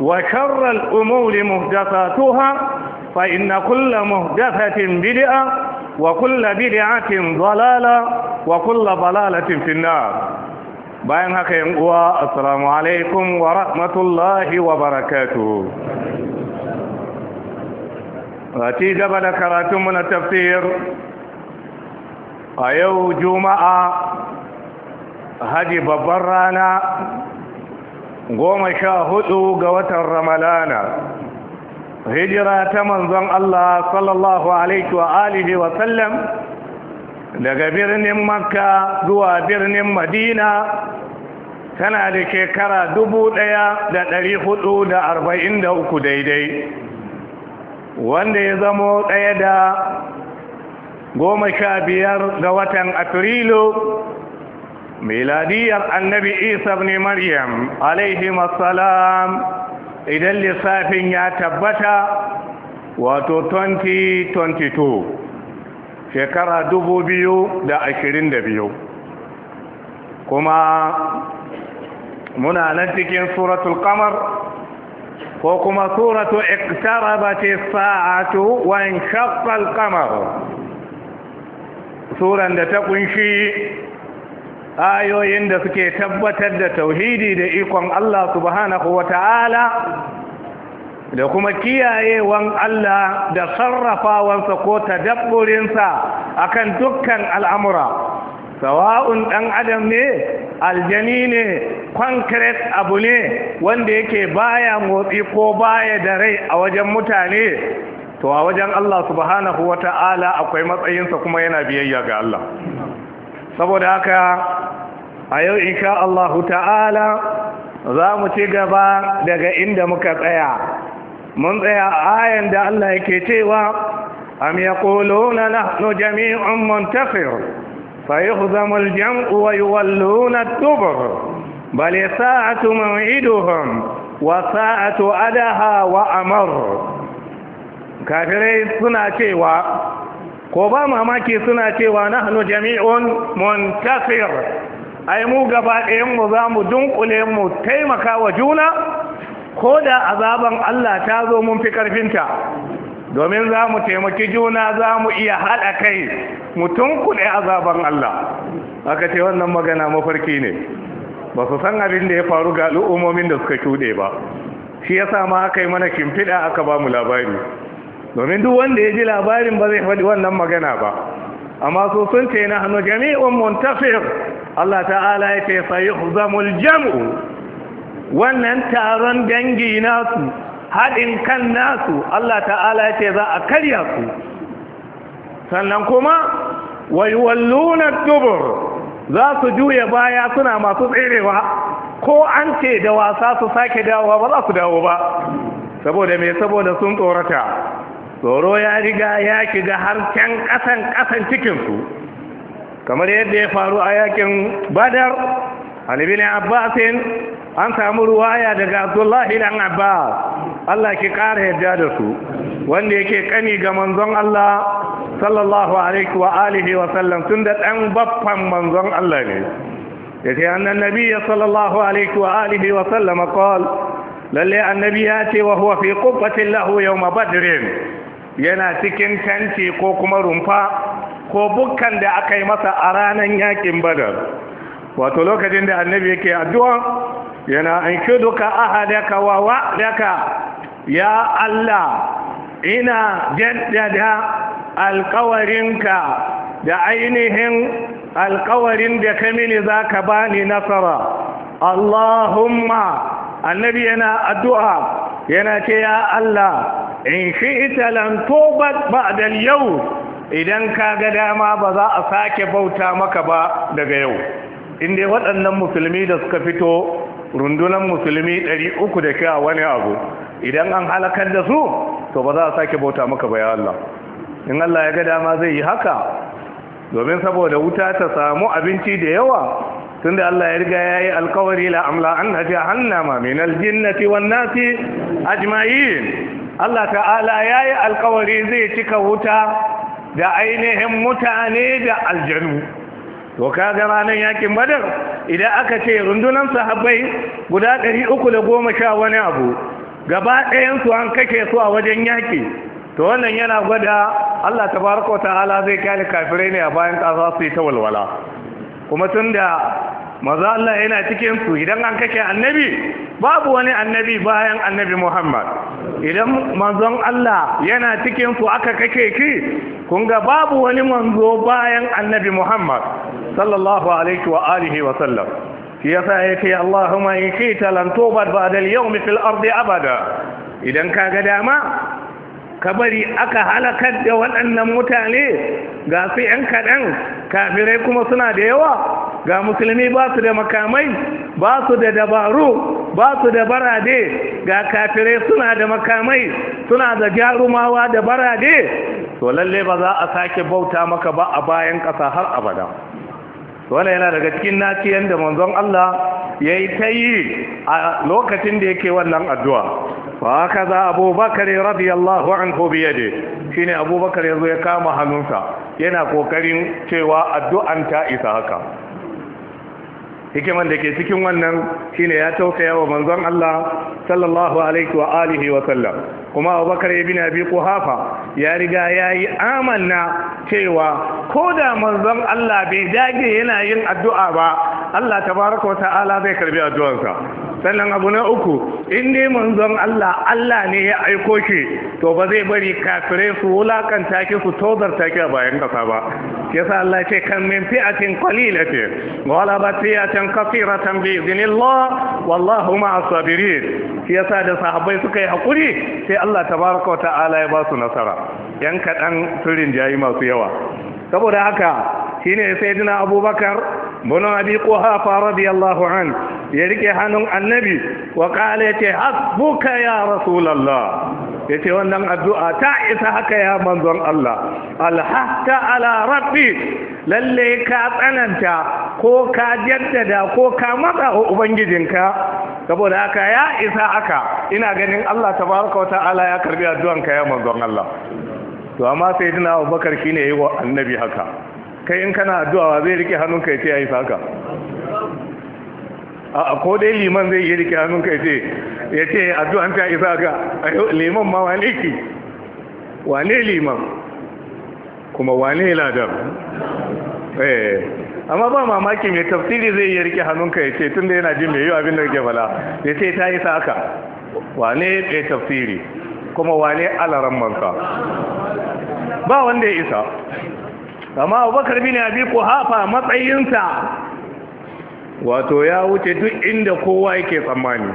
وشر الأمور مهدفاتها فإن كل مهدفة بدعة وكل بدعة ضلالة وكل ضلالة في النار bayan haka yin uwa assalamu alaikum wa rahmatullahi wa barakatuh ci gaba da karatunmu na tafsir a yau juma'a haji babban rana goma sha hudu ga watan ramalana hijira ta manzon Allah sallallahu alaihi wa alihi wa sallam daga birnin makka zuwa birnin madina tana da shekara dubu ɗaya da ɗari hudu da arba'in da uku daidai wanda ya zamo ɗaya da goma sha biyar ga watan afrilu miladiyar annabi isa ne maryam alaihi masalam idan lissafin ya tabbata wato 2022 shekara 2022 kuma muna nan cikin suratul kamar ko kuma suratul iktarabatis sa'atu wa inshaqqal qamar suran da ta kunshi ayoyin da suke tabbatar da tauhidi da ikon Allah subhanahu wa ta'ala da kuma kiyayewan Allah da sarrafawansa ko tadabburinsa akan dukkan al'amura sawa'un ɗan adam ne aljani ne concrete abu ne wanda yake baya motsi ko baya da rai a wajen mutane to a wajen Allah subhanahu wa ta'ala akwai matsayinsa kuma yana biyayya ga Allah saboda haka a yau insha Allahu ta'ala za mu ci gaba daga inda muka tsaya mun tsaya ayan da Allah yake cewa am yaquluna nahnu jami'un muntasir fayuhzamu al-jam'u wa yuwalluna ad-dubur bal sa'atu maw'iduhum wa sa'atu adaha wa amr kafirai suna cewa ko ba mamaki suna cewa na hannu jami'un muntasir ai mu gaba ɗayan mu za mu dunkule mu taimaka wa juna ko da azaban Allah ta zo mun fi ƙarfinta, domin za mu taimaki juna za mu iya haɗa kai mu tunkule azaban Allah aka ce wannan magana mafarki ne ba su san abin da ya faru ga al'ummomin da suka shuɗe ba shi ya sa ma aka yi mana shimfiɗa aka ba mu labari domin duk wanda ya ji labarin ba zai faɗi wannan magana ba amma su sun ce na hannu jami'un muntafir Allah ta'ala ya ce sai zamul jam'u wannan taron dangi nasu haɗin kan nasu Allah ta'ala ya ce za a karya su sannan kuma wai walluna dubur za su juya baya suna masu tserewa ko an ce da wasa su sake dawowa ba za su dawo ba saboda me saboda sun tsorata tsoro ya riga ya shiga har can ƙasan ƙasan cikinsu kamar yadda ya faru a yakin badar halibin abbasin an samu ruwaya daga abdullahi dan abbas allah ki ƙara yadda da su wanda yake kani ga manzon allah sallallahu alaihi wa alihi wa sallam tun da ɗan baffan manzon allah ne ya ce annan nabi sallallahu alaihi wa alihi wa sallama qala lalle annabi ya ce wa huwa fi qubbatin lahu yawma badrin yana cikin tanti ko kuma rumfa ko bukkan da aka yi masa a ranar yakin badar wato lokacin da annabi yake addu'a yana an duka ahadaka wa wa'daka ya Allah ina jaddada alkawarinka da ainihin alkawarin da ka mini za ka bani nasara Allahumma annabi yana addu'a yana ce ya Allah in shi ita ba da yau idan ka ga dama ba za a sake bauta maka ba daga yau inda waɗannan musulmi da suka fito rundunar musulmi 300 da wani abu idan an halakar da su to ba za a sake bauta maka ba ya Allah in Allah ya ga dama zai yi haka domin saboda wuta ta samu abinci da yawa tunda Allah ya riga yayi alkawari la amla an hannama min aljinnati wan nasi ajma'in Allah ta'ala ya yi alkawari zai cika wuta da ainihin mutane da aljanu to ka ga ranar yakin badar idan aka ce rundunan sahabbai guda ɗari uku da goma sha wani abu gaba ɗayansu an kake su a wajen yaki to wannan yana gwada Allah tabaraka wa ta'ala zai kyale kafirai ne a bayan ƙasa su yi ta walwala kuma tun da maza Allah yana cikinsu idan an kake annabi babu wani annabi bayan annabi Muhammad idan manzon Allah yana cikinsu aka kake ki kun ga babu wani manzo bayan annabi Muhammad sallallahu alaihi wa alihi wa sallam shi yasa yake Allahumma in kita lan tubat ba'da al-yawm fil ardi abada idan kaga dama kabari aka halakar da waɗannan mutane ga su 'yan kaɗan kafirai kuma suna da yawa ga musulmi ba su da makamai ba su da dabaru ba su da barade ga kafirai suna da makamai suna da jarumawa da barade to lalle ba za a sake bauta maka ba a bayan ƙasa har abada Wani yana daga cikin naciyan da manzon Allah ya yi ta yi a lokacin da yake wannan addu'a fa kaza abubakar radiyallahu anhu bi yadi shine abubakar yazo ya kama hannunsa yana kokarin cewa addu'an ta isa haka hikiman da ke cikin wannan shine ya tausaya wa manzon Allah sallallahu alaihi wa alihi wa sallam kuma abubakar ibn abi kuhafa ya riga ya yi amanna cewa ko da manzon Allah bai dage yana yin addu'a ba Allah tabaraka ta'ala zai karbi addu'arsa sannan abu na uku in dai manzon Allah Allah ne ya aiko shi to ba zai bari kafirai su wulakanta ki su ta ki a bayan kasa ba yasa Allah ce kan min fi'atin qalilatin wala batiyatan kathiratan bi idnillah wallahu ma'as sabirin yasa da sahabbai suka yi hakuri sai Allah tabaraka wa ta'ala ya ba su nasara yan kaɗan turin jayi masu yawa saboda haka shine sayyidina abubakar bin abi quhafa radiyallahu an ya rike hannun annabi wa qala yace hasbuka ya rasulullah yace wannan addu'a ta isa haka ya manzon Allah alhatta ala rabbi lalle ka tsananta ko ka jaddada ko ka matsa wa ubangijinka saboda haka ya isa haka ina ganin Allah tabaraka wa Allah ya karbi addu'anka ya manzon Allah to amma sayyidina Abubakar shine yayi wa annabi haka kai in kana addu'a zai rike hannunka ya ce ya yi saka a ko dai liman zai yi rike hannunka ya ce ya ce addu'an ta isa ka liman ma wane ki wane liman kuma wane ladar eh amma ba mamaki mai tafsiri zai yi rike hannunka ya ce tun da yana jin mai yi abin da ke fala ya ce ta isa ka wane mai tafsiri kuma wane alaran manka ba wanda ya isa kama abubakar bin abi kuhafa matsayinsa wato ya wuce duk inda kowa yake tsammani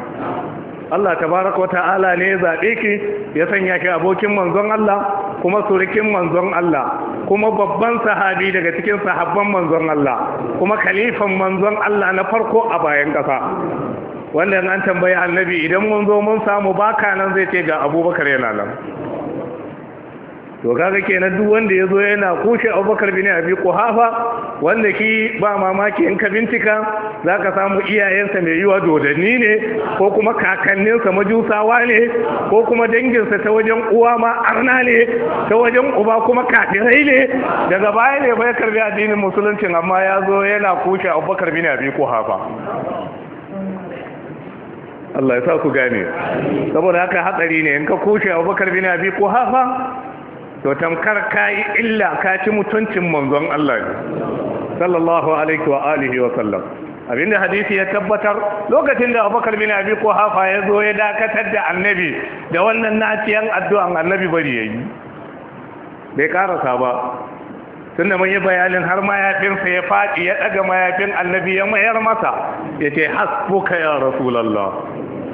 Allah tabaraka ala ne ya zaɓe ki ya sanya ki abokin manzon Allah kuma surikin manzon Allah kuma babban sahabi daga cikin sahabban manzon Allah kuma kalifan manzon Allah na farko a bayan ƙasa wanda an tambayi annabi idan mun zo mun samu baka nan zai ce ga abubakar yana nan to kaga kenan duk wanda ya zo yana kushe abubakar bin abi Quhafa wanda ki ba mamaki in ka bincika zaka samu iyayensa mai yiwa dodanni ne ko kuma kakanninsa majusawa ne ko kuma danginsa ta wajen uwa ma arna ne ta wajen uba kuma kafirai ne daga baya ne bai karbi addinin musulunci amma ya zo yana kushe abubakar bin abi Quhafa Allah ya sa ku gane saboda haka hatsari ne in ka kushe abubakar bin abi Quhafa to tamkar ka yi illa ka ci mutuncin manzon Allah sallallahu alaihi wa alihi wa sallam abinda hadisi ya tabbatar lokacin da abubakar bin abi hafa ya zo ya dakatar da annabi da wannan naciyan addu'an annabi bari yayi bai karasa ba tunda mun yi bayanin har mayafinsa ya faɗi ya ɗaga mayafin annabi ya mayar masa ya ce hasbuka ya rasulallah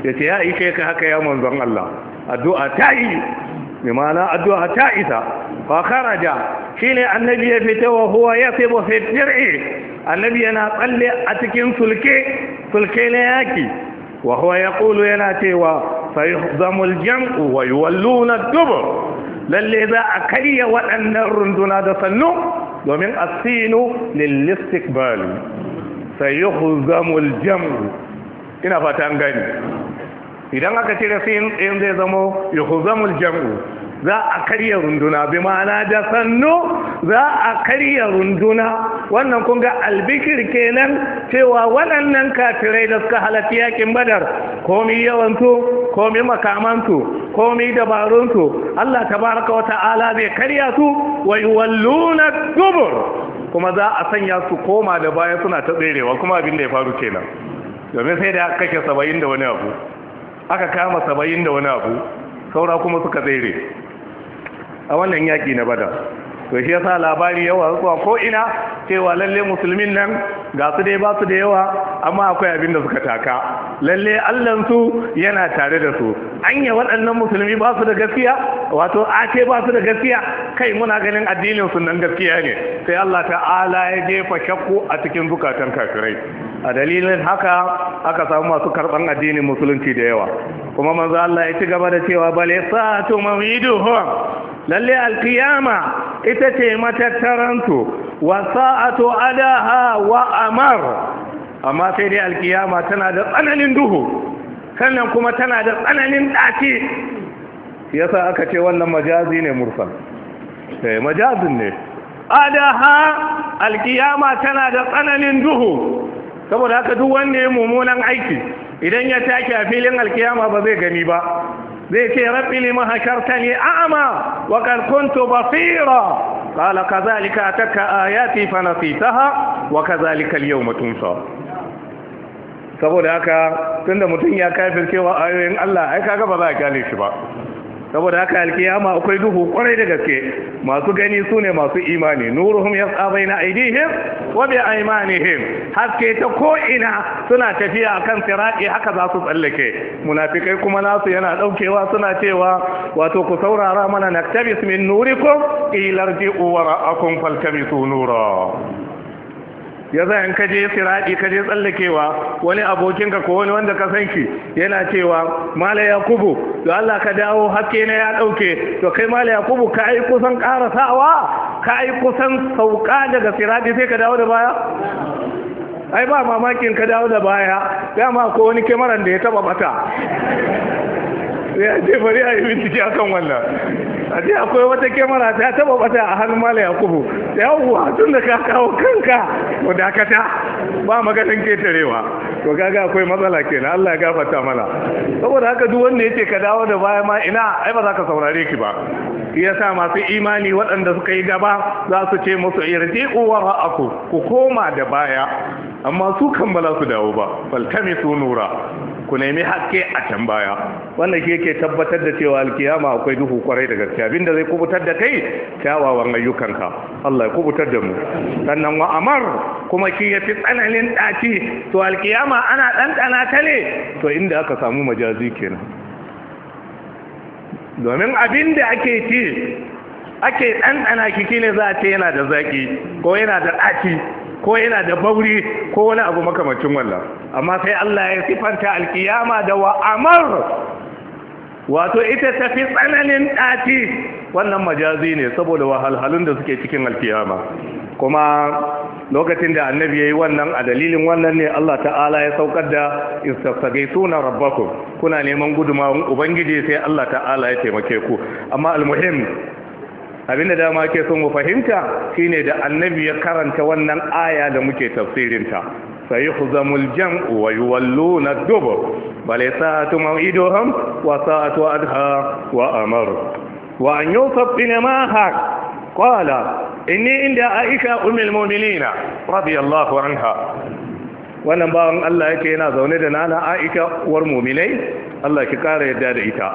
ya ce ya ishe haka ya manzon Allah addu'a ta yi bi addu'a ta isa fa kharaja shine annabi ya fita wa huwa yasibu fi dir'i annabi yana tsalle a cikin sulke sulke na yaki wa huwa kulu yana cewa fa yuhzamu jamu wa yuwalluna na dubur lalle za a karya waɗannan runduna da sannu domin asinu lil istikbal sayuhzamu huzamul jamu ina fatan gani idan aka cire sin in zai zama yuhzamul jam'u za a karya runduna bi ma'ana da sannu za a karya runduna wannan kun ga albikir kenan cewa waɗannan kafirai da suka halatta yakin badar komi yawantu komi makamantu komi dabaruntu Allah tabaraka wata ala zai karya su wa walluna dubur kuma za a sanya su koma da baya suna ta tserewa kuma abin da ya faru kenan domin sai da kake saba'in da wani abu aka kama saba'in da wani abu saura kuma suka tsere a wannan yaƙi na Bada. to shi yasa labari yawa zuwa ko ina cewa lalle musulmin nan ga su dai ba su da yawa amma akwai abin da suka taka lalle Allah su yana tare da su anya waɗannan musulmi ba su da gaskiya wato ake ba su da gaskiya kai muna ganin addinin su nan gaskiya ne sai Allah ta'ala ya jefa shakku a cikin zukatan kafirai a dalilin haka aka samu masu karɓar addinin musulunci da yawa kuma manzo Allah ya ci gaba da cewa bale sa'atu mawiduhum lalle alqiyama ita ce matattaransu wa sa'atu adaha wa amar amma sai dai alkiyama tana da tsananin duhu sannan kuma tana da tsananin ɗaci ya sa aka ce wannan majazi ne mursal eh majazin ne adaha alkiyama tana da tsananin duhu saboda haka duk wanda ya mummunan aiki idan ya take a filin alkiyama ba zai gani ba zai ce rabbi lima hakartani a'ma wa qad kuntu basira قال كذلك أتك آياتي فنسيتها وكذلك اليوم تنسى saboda haka tunda mutum ya kafircewa ayoyin Allah ai kaga ba za a gane shi ba saboda haka alkiyama akwai duhu kwarai da gaske masu gani su ne masu imani nuruhum yas'a baina aydihim wa bi aymanihim haske ta ko ina suna tafiya akan sirati haka za su tsallake munafikai kuma nasu yana ɗaukewa, suna cewa wato ku saurara mana naktabis min nurikum ilarji'u wara'akum faltamisu nura ya za in kaje siraɗi kaje tsallakewa wani abokinka ko wani wanda ka san shi yana cewa mala yakubu to Allah ka dawo haske na ya ɗauke to kai mala yakubu ka yi kusan karasawa ka yi kusan sauka daga siraɗi sai ka dawo da baya ai ba mamakin ka dawo da baya dama ko wani kemaran da ya taba bata ya a ce bari a yi bincike kan wannan a ce akwai wata kyamara ta taba bata a hannun mala yakubu yawwa tun da ka kawo kanka ko dakata ba maganin ketarewa to kaga akwai matsala kenan Allah ya gafarta mana saboda haka duk wanda yace ka dawo da baya ma ina ai ba za ka saurare ki ba yasa masu imani waɗanda suka yi gaba za su ce musu irji'u wa ra'aku ku koma da baya amma su kan ba za su dawo ba tamisu nura ku nemi haske a can baya wannan ke yake tabbatar da cewa alkiyama akwai duhu kwarai da gaske abinda zai kubutar da kai kyawawan ayyukanka Allah ya kubutar da mu sannan wa amar kuma ki yafi tsananin daci to alkiyama ana ɗanɗana ta ne to inda aka samu majazi kenan domin abin da ake ci ake ɗanɗana kiki ne za a ce yana da zaƙi ko yana da ɗaci ko yana da bauri ko wani abu makamacin wallah amma sai Allah ya sifanta alkiyama da wa'amar wato ita tafi tsananin ɗaci wannan majazi ne saboda wahalhalun da suke cikin alkiyama kuma lokacin da annabi ya yi wannan a dalilin wannan ne Allah ta'ala ya saukar da istafsagai suna rabbaku kuna neman gudumawan ubangiji sai Allah ta'ala ya taimake ku amma almuhim abinda dama ke son mu fahimta shine da annabi ya karanta wannan aya da muke tafsirinta سيحزم الجمع ويولون الدبر بل ساعة موعدهم وساعة أدهى وأمر وأن يوصف بن ماهر قال إني عند عائشة أم المؤمنين رضي الله عنها wannan bawan Allah yake yana zaune da nana Aisha uwar mu'minai Allah ki kare yadda da ita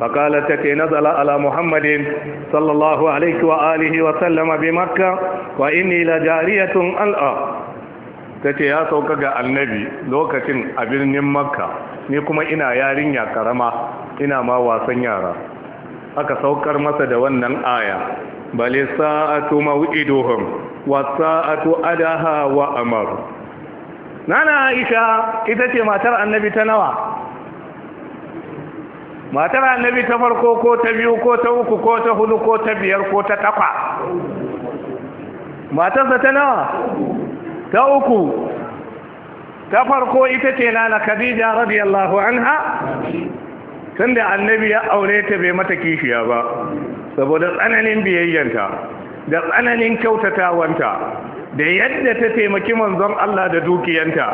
faqalat take nazala ala Muhammadin sallallahu alaihi wa alihi wa sallama bi Makka wa inni la jariyatun al'a ta ce ya sauka ga annabi lokacin a birnin makka ni kuma ina yarinya karama ina ma wasan yara aka saukar masa da wannan aya bale sa'atu maw'iduhum wa sa'atu adaha wa amar nana aisha ita ce matar annabi ta nawa matar annabi ta farko ko ta biyu ko ta uku ko ta hudu ko ta biyar ko ta takwa matarsa ta nawa ta uku ta farko ita ce na khadija radiyallahu anha tunda annabi ya aure ta bai mata kishiya ba saboda tsananin biyayyanta da tsananin kyautatawanta da yadda ta taimaki manzon Allah da dukiyanta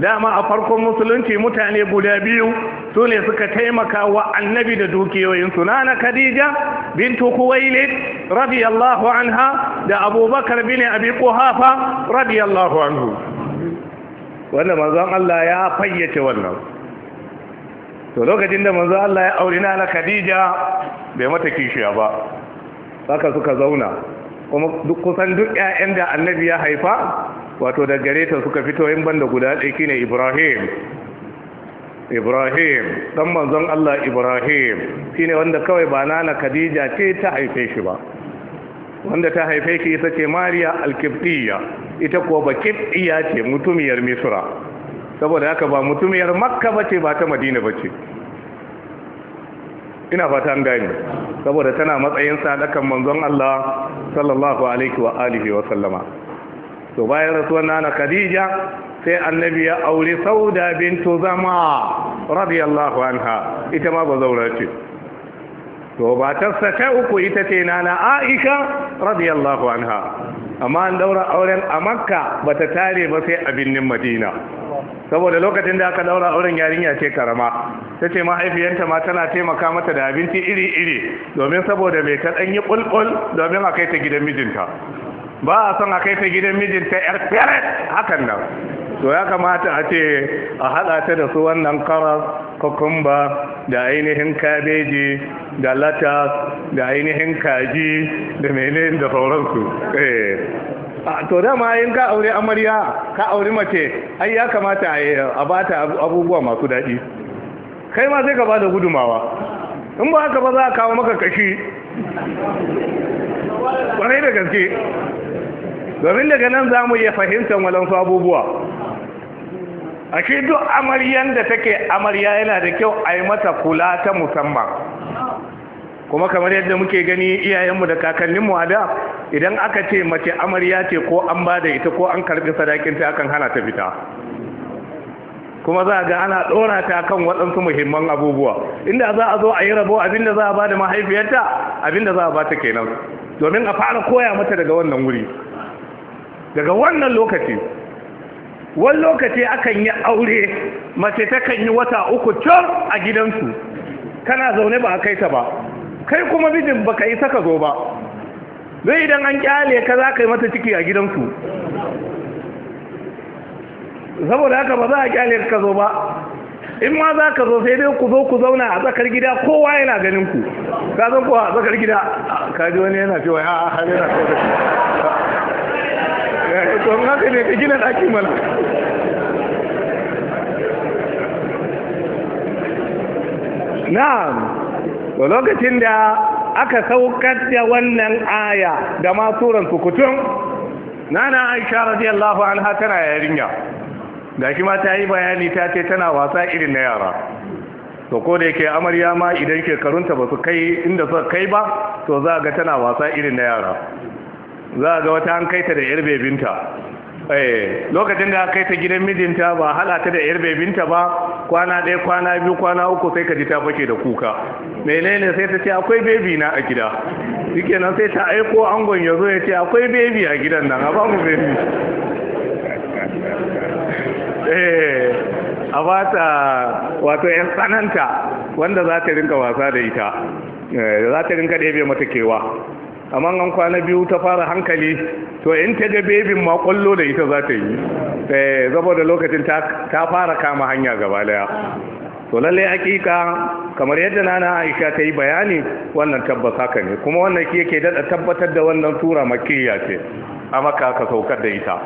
dama a farkon musulunci mutane guda biyu su ne suka taimaka wa annabi da dukiyoyinsu na khadija bintu kuwailid radiyallahu anha da abubakar bin abi kuhafa radiyallahu anhu wanda manzon Allah ya fayyace wannan to lokacin da manzon Allah ya aure na khadija bai mata kishiya ba haka suka zauna kuma duk kusan duk ƴaƴan da annabi ya haifa wato da gare ta suka fito yin banda guda ɗaya shine Ibrahim Ibrahim dan manzon Allah Ibrahim shine wanda kawai ba nana Khadija ce ta haife shi ba wanda ta haife shi ita ce Mariya al ita kuwa ba ce mutumiyar Misra saboda haka ba mutumiyar Makka bace ba ta Madina bace ina fata an gani saboda tana matsayin sadakan manzon Allah sallallahu alaihi wa alihi wa sallama to bayan rasuwar nana Khadija sai annabi ya aure Sauda bintu Zama radiyallahu anha ita ma bazaura ce to matarsa ta uku ita ce nana aisha radiyallahu anha amma an daura auren a makka ba ta tare ba sai a birnin madina saboda lokacin da aka daura auren yarinya ce karama ta ce mahaifiyanta ma tana taimaka mata da abinci iri-iri domin saboda mai ta ɗanyi ƙulƙul domin a kai ta gidan mijinta ba a son a kai ta gidan mijinta yar fere hakan nan to ya kamata a ce a haɗa ta da su wannan karas kokumba da ainihin kabeji da latas da ainihin kaji da mene da sauransu eh. to dama yin ka aure amarya ka aure mace ai ya kamata a bata abubuwa masu daɗi kai ma sai ka ba da gudumawa in ba haka ba za a kawo maka kashi kwarai da gaske domin daga nan za mu iya fahimtar walansu abubuwa a shi duk amaryan da take amarya yana da kyau a yi mata kula ta musamman kuma kamar yadda muke gani iyayenmu da kakanninmu a da idan aka ce mace amarya ce ko an ba da ita ko an karbi sadakinta akan hana ta fita kuma za a ga ana ɗora ta kan waɗansu muhimman abubuwa inda za a zo a yi rabo da za a ba da mahaifiyarta da za a ba ta kenan domin a fara koya mata daga wannan wuri daga wannan lokaci wani lokaci akan yi aure mace takan yi wata uku can a gidansu kana zaune ba a kai ta ba kai kuma mijin baka yi saka zo ba zai idan an kyale ka za ka yi mata ciki a gidansu saboda haka ba za a kyale ka zo ba in ma za ka zo sai dai ku zo ku zauna a tsakar gida kowa yana ganin ku ka zo ku a tsakar gida ka ji wani yana cewa ya hali na to haka ne ka gina ɗaki mana na'am lokacin da aka saukar da wannan aya da ma suran sukutun nana aisha radiyallahu anha tana yarinya shi ma ta yi bayani ta ce tana wasa irin na yara to ko da yake amarya ma idan shekarunta ba su kai inda suka kai ba to za ga tana wasa irin na yara za a ga wata an kai ta da yar bebinta eh, lokacin da kai ta gidan mijinta ba halata da yar bebinta ba kwana ɗaya kwana biyu kwana uku sai ka ji ta fake da kuka menene sai ta ce akwai bebi na a gida shike nan sai ta aiko angon ya zo ya ce akwai bebi a gidan nan a bamu bebi eh, a ba ta wato yan tsananta wanda za ta rinka wasa da ita eh, za ta rinka ɗebe mata kewa amma an kwana biyu ta fara hankali to in ta ga bebin ma kwallo da ita za ta yi eh, saboda lokacin ta fara kama hanya gaba daya to lalle hakika kamar yadda nana Aisha ta yi bayani wannan tabbas haka ne kuma wannan ki yake dada tabbatar da wannan tura makiyya ce a maka ka saukar da ita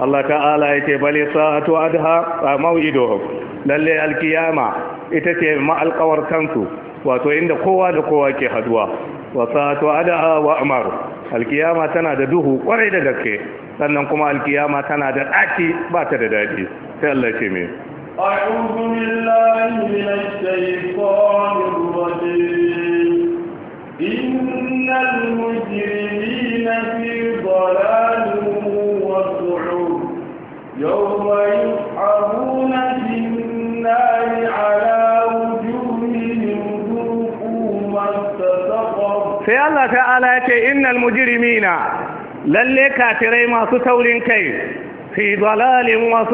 Allah ta'ala ya ce bale sa'atu adha maw'iduhum lalle alkiyama ita ce ma alƙawartansu wato inda kowa da kowa ke haduwa وصات وعدها وأمر القيامة تناد دوه وعيد دكي لأنكم القيامة تناد أتي بات دادي تألا شمي أعوذ بالله من الشيطان الرجيم إن المجرمين في ضلال وسعود يوم يسحبون في النار على sai Allah ta'ala ya ce innal mujrimina lalle kafirai masu taurin kai fi dalalin wa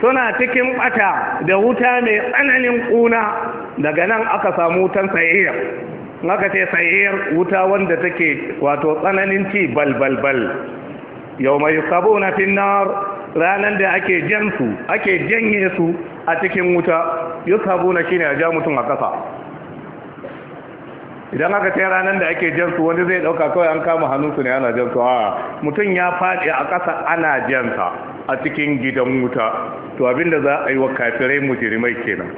suna cikin bata da wuta mai tsananin kuna daga nan aka samu wutan sayyir aka ce sayyir wuta wanda take wato tsananin ci bal bal bal yau mai sabo na finnar ranar da ake ake janye su a cikin wuta yau sabo na shine a ja mutum a kasa idan aka ce ranar da ake jansu wani zai dauka kawai an kama hannunsu ne ana jansu a mutum ya faɗi a ƙasa ana jansa a cikin gidan wuta to abinda za a yi wa kafirai mujrimai kenan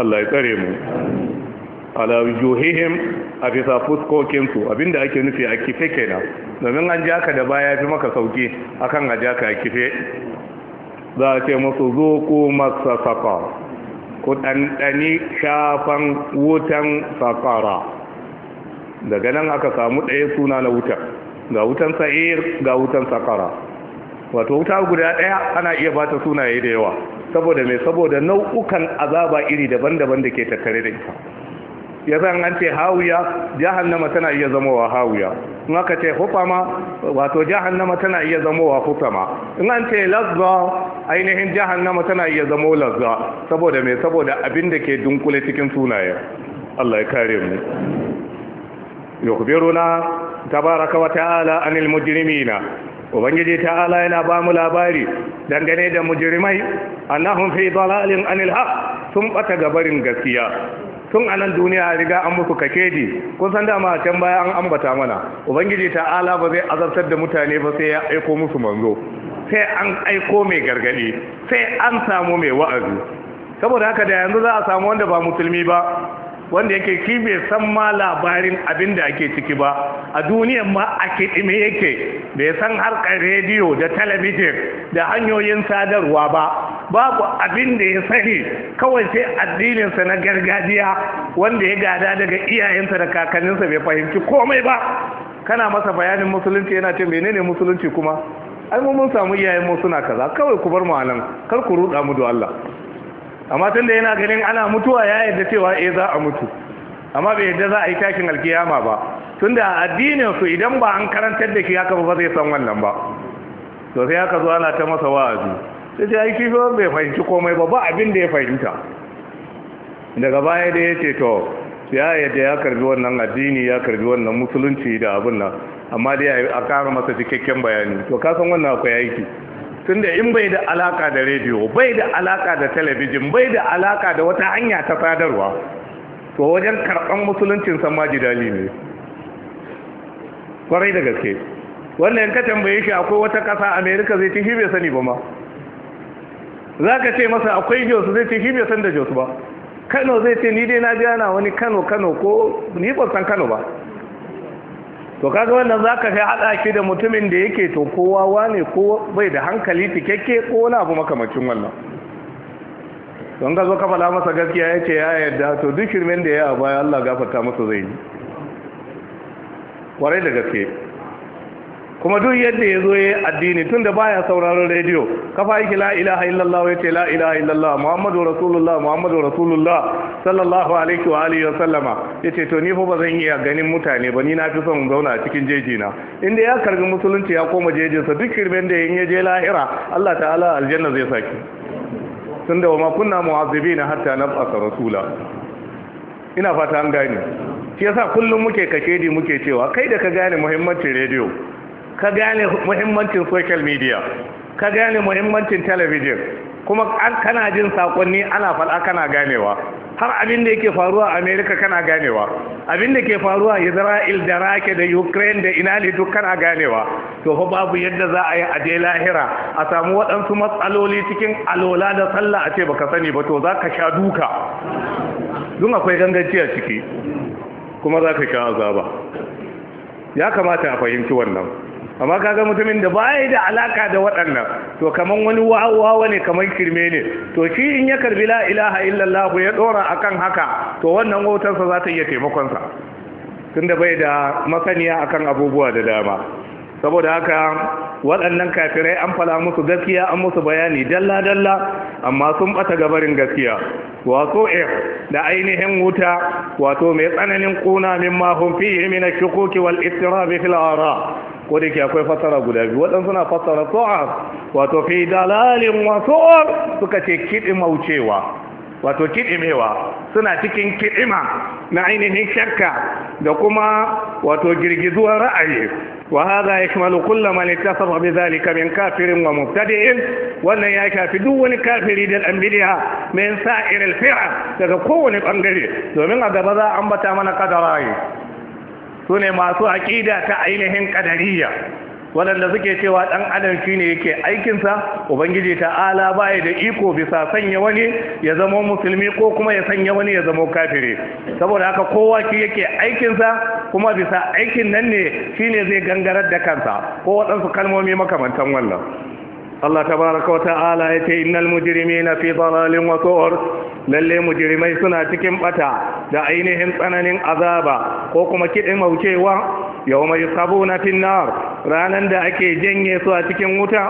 Allah ya tsare mu ala wujuhihim a bisa fuskokinsu abinda ake nufi a kife kenan domin an jaka da baya fi maka sauki akan a jaka a kife za a ce masu zo ku masu safa ku shafan wutan sakara daga nan aka samu ɗaya suna na wutan ga wutan sa'ir ga wutan sakara wato wuta guda ɗaya ana iya ba ta sunaye da yawa saboda mai saboda nau'ukan azaba iri daban-daban da ke tattare da ita ya zan an ce hawiya jahannama tana iya zama wa hawiya in aka ce hufama wato jahannama tana iya zamowa hufama in an ce lazza ainihin jahannama tana iya zamo lazza saboda mai saboda abin da ke dunkule cikin sunaye Allah ya kare mu yukbiruna tabaraka wa ta'ala anil mujrimina ubangiji ta'ala yana ba mu labari dangane da mujrimai annahum fi dalalin anil haq sun bata gabarin gaskiya tun a nan duniya riga an musu kakedi kun san dama a can baya an ambata mana ubangiji ta'ala ba zai azabtar da mutane ba sai ya aiko musu manzo sai an aiko mai gargadi sai an samu mai wa'azi saboda haka da yanzu za a samu wanda ba musulmi ba wanda yake shi bai san ma labarin abin da ake ciki ba a duniyan ma a kiɗime yake bai san harkar rediyo da talabijin da hanyoyin sadarwa ba babu abin da ya sani kawai sai addininsa na gargajiya wanda ya gada daga iyayensa da kakanninsa bai fahimci komai ba kana masa bayanin musulunci yana ce menene musulunci kuma ai mun samu iyayen mu suna kaza kawai ku bar mu anan kar ku ruda mu da Allah amma tun da yana ganin ana mutuwa ya yadda cewa eh za a mutu amma bai yadda za a yi tashin alkiyama ba tun da addinin su idan ba an karantar da shi haka ba zai san wannan ba to sai haka zo ana ta masa wa'azi sai sai ai shi bai fahimci komai ba ba abin da ya fahimta daga baya da ya ce to ya yadda ya karbi wannan addini ya karbi wannan musulunci da abin nan amma dai a kara masa cikakken bayani to kasan wannan akwai aiki tunda in bai da alaka da rediyo bai da alaka da talabijin bai da alaka da wata hanya ta sadarwa to wajen karɓan musuluncin san ma ne kwarai da gaske wannan ka tambaye shi akwai wata ƙasa amerika zai ci shi bai sani ba ma za ka ce masa akwai jos zai ce shi bai san da jos ba kano zai ce ni dai na ji ana wani kano kano ko ni ban san kano ba to kaga wannan za ka sai hada shi da mutumin da yake to kowa wane ko bai da hankali tikekke ko wani abu makamacin wannan don ga zo ka masa gaskiya ya ce ya yarda to duk shirmen da ya baya Allah gafarta masa zai yi kwarai da gaske kuma duk yadda ya zo ya addini tunda baya sauraron rediyo kafa yake la ilaha illallah yace la ilaha illallah muhammadu rasulullah muhammadu rasulullah sallallahu alaihi wa alihi wa sallama yace to ni fa ba zan iya ganin mutane ba ni na fi son zauna a cikin jeji na inda ya karbi musulunci ya koma jejin sa duk irin da yin je lahira Allah ta'ala aljanna zai saki tunda da ma kunna mu'azzibina hatta nab'a rasula ina fata an gane shi yasa kullum muke kakedi muke cewa kai da ka gane muhimmancin rediyo ka gane muhimmancin social media ka gane muhimmancin talabijin kuma kana jin sakonni ana faɗa kana ganewa har abin da yake faruwa a america kana ganewa abin da ke faruwa isra'il da rake da ukraine da inali duk kana ganewa to fa babu yadda za a yi a je lahira a samu waɗansu matsaloli cikin alola da sallah a ce baka sani ba to za ka sha duka Dun akwai ganganci a ciki kuma za ka sha azaba ya kamata a fahimci wannan amma kaga mutumin da baya da alaka da waɗannan to kaman wani wawa ne kaman kirme ne to shi in ya karbi la ilaha illallah ya dora akan haka to wannan wautarsa za ta iya taimakon sa tunda bai da masaniya akan abubuwa da dama saboda haka waɗannan kafirai an fala musu gaskiya an musu bayani dalla-dalla amma sun ɓata gabarin gaskiya wato if eh, da ainihin wuta wato mai tsananin ƙuna min mahun fiye min shukuki wal istirabi fil ara ko da akwai fasara guda biyu waɗansu suna fassara su'ar wato fi dalalin wa su'ar suka ce kidimaucewa wato kiɗimewa suna cikin kiɗima na ainihin shakka da kuma wato girgizuwar ra'ayi wa hadha yashmalu kull ta saba bi dhalika min kafirin wa mubtadi'in wannan ya shafi duk wani kafiri da dan bid'a min sa'ir fira daga kowane bangare domin a gaba za a ambata mana kadarai su ne masu aƙida ta ainihin ƙadariya waɗanda suke cewa ɗan adam shi ne yake aikinsa ubangiji ta'ala baya da iko bisa sanya wani ya zama musulmi ko kuma ya sanya wani ya zama kafiri saboda haka kowa shi yake aikinsa kuma bisa aikin nan ne shi ne zai gangarar da kansa ko waɗansu kalmomi makamantan wannan Allah tabaraka wa ta'ala ya ce innal mujrimina fi dalalin wa su'ur lalle mujrimai suna cikin bata da ainihin tsananin azaba ko kuma kidin maucewa yawma yusabuna fin nar ranan da ake janye su a cikin wuta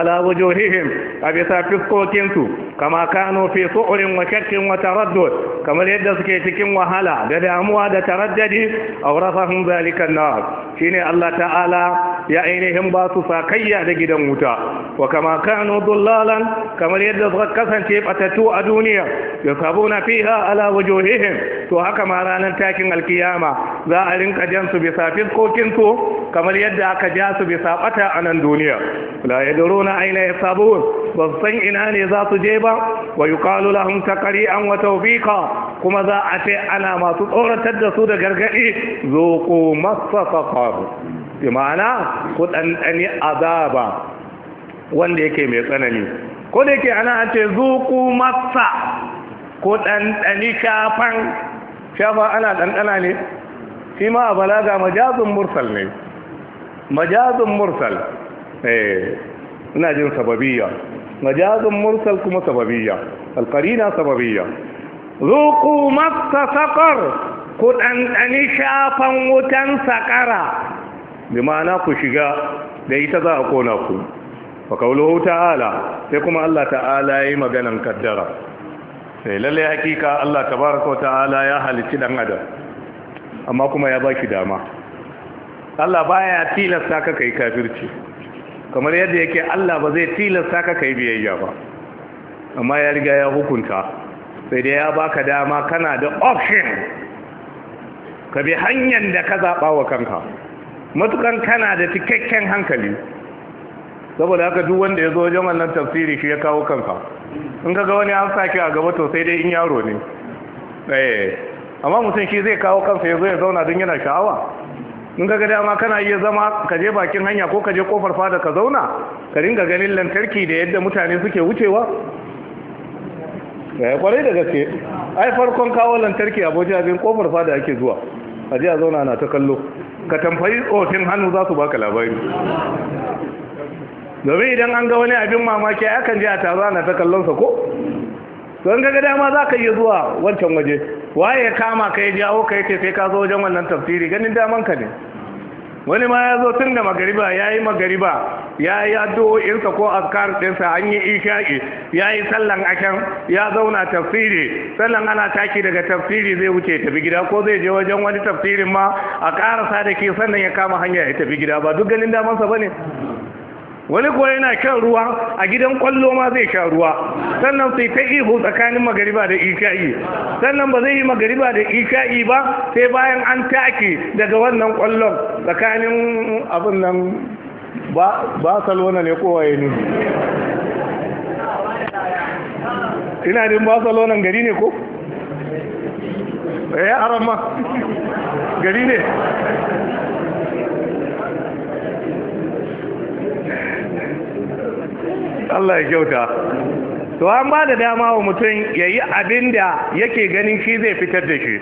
ala wujuhihim a bisa fiskokin su kama kano fi su'urin wa shakkin wa taraddud kamar yadda suke cikin wahala da damuwa da taraddadi awrasahum zalika nar shine Allah ta'ala ya ainihin ba su sakayya da gidan wuta wa kama kanu dullalan kamar yadda suka kasance batattu a duniya yusabuna fiha ala wujuhihim to haka ma ranar takin alkiyama za a rinka jan su bisa fiskokin su kamar yadda aka ja su bisa bata a nan duniya la yadruna aina yasabun ba san ina ne za su je ba wa yuqalu lahum taqri'an wa tawfiqa kuma za a ce ana masu tsoratar da su da gargadi zuqu massa bi ma'ana ku ɗanɗani azaba wanda yake mai tsanani ko da yake ana ce zuku masa ko ɗanɗani shafan shafa ana ɗanɗana ne shi ma a balaga majazin mursal ne majazin mursal eh ina jin sababiyya majazin mursal kuma sababiyya alkarina sababiyya zuku masa saƙar ku ɗanɗani shafan wutan saƙara bi ma'ana ku shiga da ita za a kona ku fa kauluhu ta'ala sai kuma Allah ta'ala yayi maganan kaddara sai eh, lalle hakika Allah tabaaraka ta'ala ya halicci dan adam amma kuma ya baki dama Allah baya tilasta ka kai kafirci kamar yadda yake Allah ba zai tilasta ka kai biyayya ba amma ya riga ya hukunta sai dai ya baka dama kana da option ka bi hanyar da ka zaɓa wa kanka matukan kana da cikakken hankali saboda haka duk wanda ya zo wajen wannan tafsiri shi ya kawo kansa in ka ga wani an saki a gaba to sai dai in yaro ne eh, amma mutum shi zai kawo kansa ya zo ya zauna don yana sha'awa in ka ga dama kana iya zama ka je bakin hanya ko ka je kofar fada ka zauna ka ringa ganin lantarki da yadda mutane suke wucewa ya eh, kwarai da gaske ai farkon kawo lantarki abuja abin kofar fada ake zuwa a je a zauna na ta kallo ka tamfayi tsofin hannu za su baka labari dobe idan an ga wani abin mamaki akan je a taru ana ta kallon sa ko don gaga dama za ka iya zuwa wancan waje waye ya kama ka yi jawo ka ce sai ka zo wajen wannan tafsiri ganin daman ka ne wani ma ya zo tun da magariba ya yi magariba ya yi addu'o'insa ko askar ɗinsa an yi isha'i ya yi sallan ashen ya zauna tafsiri sallan ana taki daga tafsiri zai wuce tafi gida ko zai je wajen wani tafsirin ma a ƙarasa da ke sannan ya kama hanya ya tafi gida ba duk ganin damansa ba ne wani kuwa yana shan ruwa a gidan kwallo ma zai sha ruwa sannan sai ta ihu tsakanin magariba da isha'i sannan ba zai yi magariba da isha'i ba sai bayan an take daga wannan kwallon tsakanin abin nan ba salona ne kowaye ne ina din barcelona gari ne ko? eh arama gari ne Allah ya kyauta to an ba da dama wa mutum ya yi abin da yake ganin shi zai fitar da shi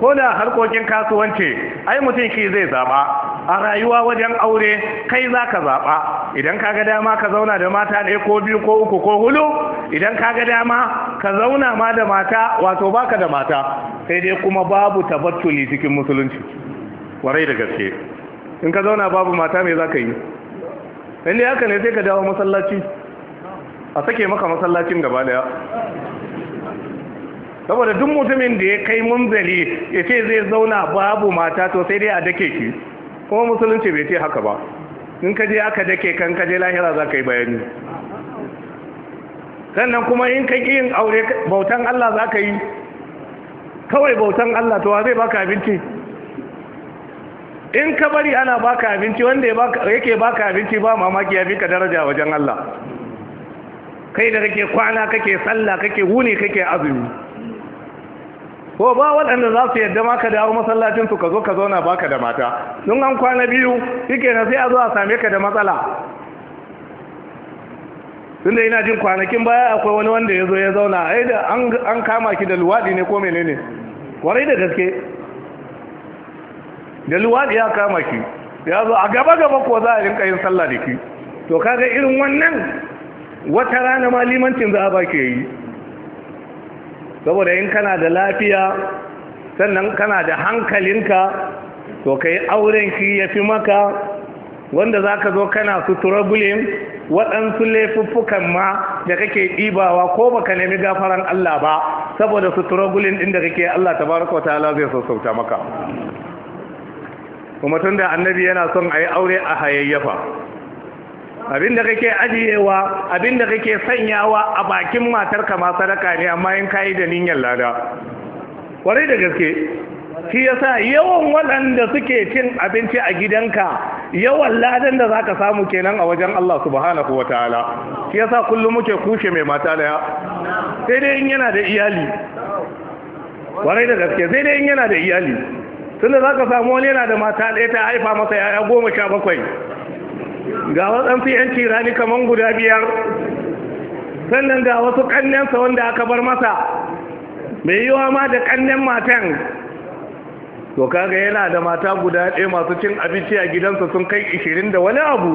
ko da harkokin kasuwanci ai mutum shi zai zaɓa a rayuwa wajen aure kai za ka zaɓa idan ka ga dama ka zauna da mata ne ko biyu ko uku ko hulu idan ka ga dama ka zauna ma da mata wato ba ka da mata sai dai kuma babu tabattuli cikin musulunci warai da gaske in ka zauna babu mata me za ka yi in ne haka ne sai ka dawo masallaci a sake maka masallacin gaba daya saboda duk mutumin da ya kai munzali ya ce zai zauna babu mata to sai dai a dake ki kuma musulunci bai ce haka ba in ka je aka dake kan ka je lahira za ka yi bayani sannan kuma in ka yin aure bautan Allah za ka yi kawai bautan Allah to zai baka abinci in ka bari ana baka abinci wanda yake baka abinci ba mamaki ya fi ka daraja wajen Allah kai da kake kwana kake sallah kake wuni kake azumi ko ba waɗanda za su yadda maka dawo masallacin su ka zo ka zauna baka da mata don an kwana biyu shike na sai a zo a same ka da matsala tunda ina jin kwanakin baya akwai wani wanda ya zo ya zauna ai da an kama ki da luwaɗi ne ko menene kwarai da gaske da luwaɗi ya kama ki ya zo a gaba gaba ko za a rinka yin sallah da ki to kaga irin wannan wata rana ma limancin za a ba ke yi saboda in kana da lafiya sannan kana da hankalinka to ka yi auren shi ya fi maka wanda za ka zo kana su turabulin waɗansu laifuffukan ma da kake ɗibawa ko baka nemi gafaran Allah ba saboda su turabulin ɗin da kake Allah ta baraka wata ala zai sassauta maka kuma tun da annabi yana son a yi aure a hayayyafa Abin da kake ajiyewa abin da kake sanyawa a bakin matarka ma sadaka ne amma in kayi da niyyar lada kwarai da gaske shi yasa yawan waɗanda suke cin abinci a gidanka yawan ladan da zaka samu kenan a wajen Allah subhanahu wataala shi yasa kullum muke kushe mai mata daya sai dai in yana da iyali kwarai da gaske sai dai in yana da iyali tunda zaka samu wani yana da mata ɗaya ta haifa masa yaya goma sha bakwai ga waɗansu 'yan tirani kamar guda biyar sannan ga wasu ƙannensa wanda aka bar masa mai yi ma da ƙannen matan to kaga yana da mata guda ɗaya masu cin abinci a gidansa sun kai ishirin da wani abu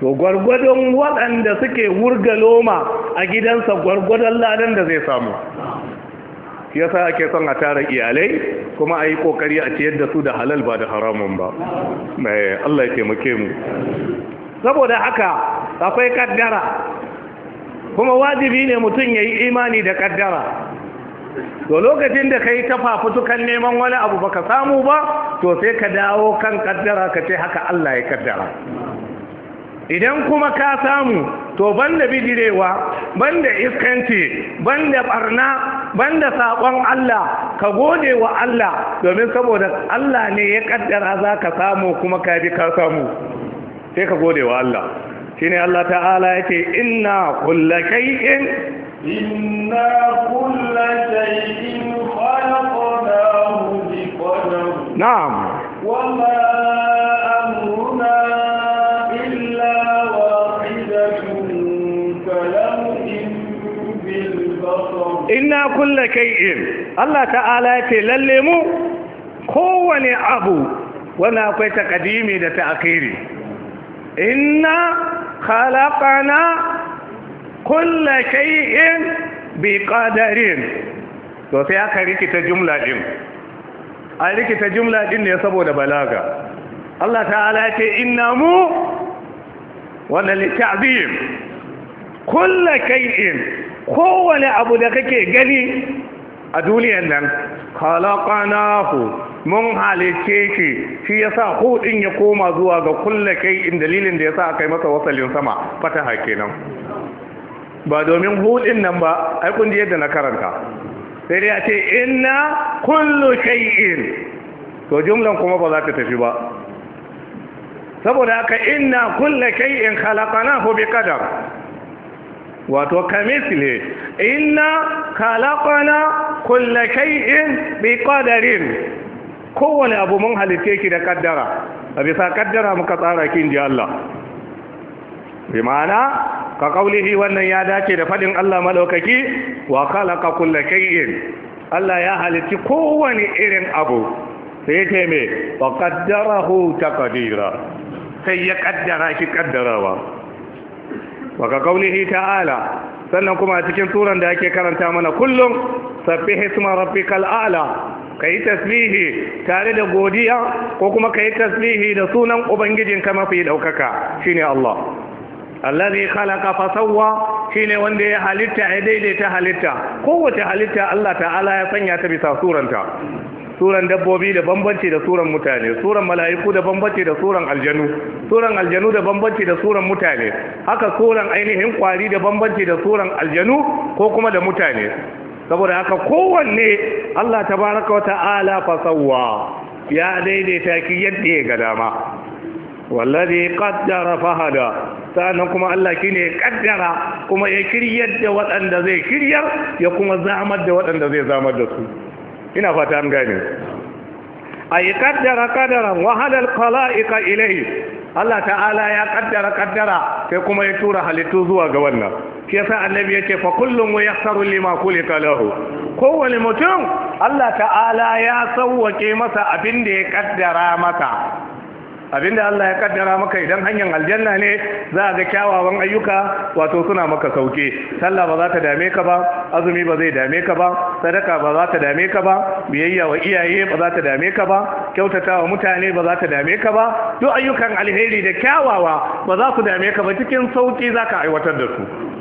to gwargwadon waɗanda suke wurga loma a gidansa gwargwadon ladan da zai samu shi yasa ake son a tara iyalai kuma a yi kokari a ciyar da su da halal ba da haramun ba mai Allah ya taimake mu saboda haka akwai kaddara kuma wajibi ne mutum ya yi imani da kaddara to lokacin da ka yi tafafutukan neman wani abu baka samu ba to sai ka dawo kan kaddara ka ce haka Allah ya kaddara idan kuma ka samu to banda bidirewa banda iskanci banda barna banda sakon Allah ka gode wa Allah domin saboda Allah ne ya kaddara za ka samu kuma ka bi ka samu sai ka gode wa Allah shine Allah ta'ala yake inna kullu shay'in inna kullu shay'in khalaqnahu bi qadar na'am wa ma amruna inna kulla kai'in Allah ta'ala ya ce lalle mu kowane abu wani akwai takadimi da ta'khiri inna khalaqana kulla kai'in bi qadarin to sai aka rikita jumla din A rikita jumla din ne saboda balaga Allah ta'ala ya ce ina mu wani li ta'zim kulla kai'in kowane abu da kake gani a duniyar nan khalaqnahu mun halice shi shi sa hudin ya koma zuwa ga kai in dalilin da sa aka yi masa wasalin sama fataha kenan ba domin hudin nan ba ai kun yadda na karanta sai dai a ce ina kullu shay'in to jumlan kuma ba za ta tafi ba saboda haka inna kullu shay'in bi kadar wato kamisile inna kalakwana kulle shay'in bi qadarin kowane abu mun halitte ki da kaddara a bisa kaddara muka tsara ki inji Allah bi ma'ana ka kaulihi wannan ya dace da fadin Allah madaukaki wa khalaqa kulle shay'in Allah ya halitti kowane irin abu sai ce me wa qaddarahu taqdira sai ya kaddara shi kaddarawa Waka kaunihi ta ta'ala sannan kuma a cikin suran da ake karanta mana kullum sabbi hisma rabbikal a'la yi tasbihi tare da godiya ko kuma yi tasbihi da sunan ubangijinka mafi daukaka shine Allah allazi khalaqa fasawwa shine wanda ya halitta ya daidaita halitta kowace halitta Allah ta'ala ya sanya ta bisa suranta suran dabbobi da bambanci da suran mutane suran mala'iku da bambanci da suran aljanu suran aljanu da bambanci da suran mutane haka suran ainihin kwari da bambanci da suran aljanu ko kuma da mutane saboda haka kowanne Allah tabaraka wa ta'ala fasawwa ya daidaita ki yadda ya ga dama wallazi qaddara fahada sannan kuma Allah kine kaddara kuma ya kiryar da waɗanda zai kiryar ya kuma zamar da waɗanda zai zamar da su ina fata an gane a kaddara wahalar kala'ika ilahi Allah ta'ala ya kaddara kaddara sai kuma ya tura halittu zuwa ga wannan shi yasa annabi yake fa kullum yahsaru lima kulika lahu kowane mutum Allah ta'ala ya sauke masa abin da ya kaddara masa abinda Allah ya kaddara maka idan hanyar aljanna ne za a ga kyawawan ayyuka wato suna maka sauke sallah ba za ta dame ka ba azumi ba zai dame ka ba sadaka ba za ta dame ka ba biyayya wa iyaye ba za ta dame ka ba kyautatawa mutane ba za ta dame ka ba duk ayyukan alheri da kyawawa ba za su dame ka ba cikin sauki za ka aiwatar da su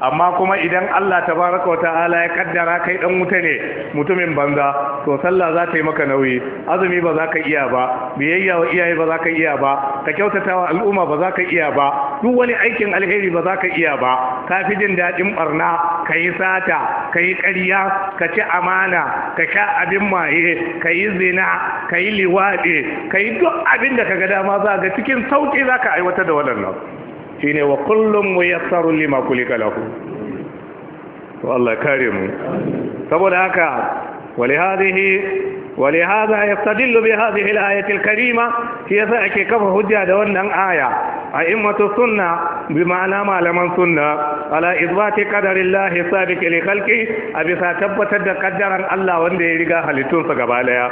amma kuma idan Allah ta baraka wata ala ya kaddara kai ɗan wuta ne mutumin banza to sallah za ta yi maka nauyi azumi ba za ka iya ba biyayya wa iyaye ba za ka iya ba ka kyautata wa al'umma ba za ka iya ba duk wani aikin alheri ba za ka iya ba ka fi jin daɗin barna ka yi sata ka yi ƙarya ka ci amana ka sha abin maye ka yi zina ka yi liwaɗe ka yi duk abin da ka ga dama za ga cikin sauƙi za ka aiwatar da waɗannan shine wa kullum muyassarun lima kulika lahu to Allah kare mu saboda haka wa li hadhihi ولهذا يستدل بهذه الآية الكريمة هي ذاك كف حجة ونن آية أئمة السنة بمعنى ما لمن سنة على إثبات قدر الله السابق لخلقه أبي ثابت قدر الله وندي رجا هلتون سقبالها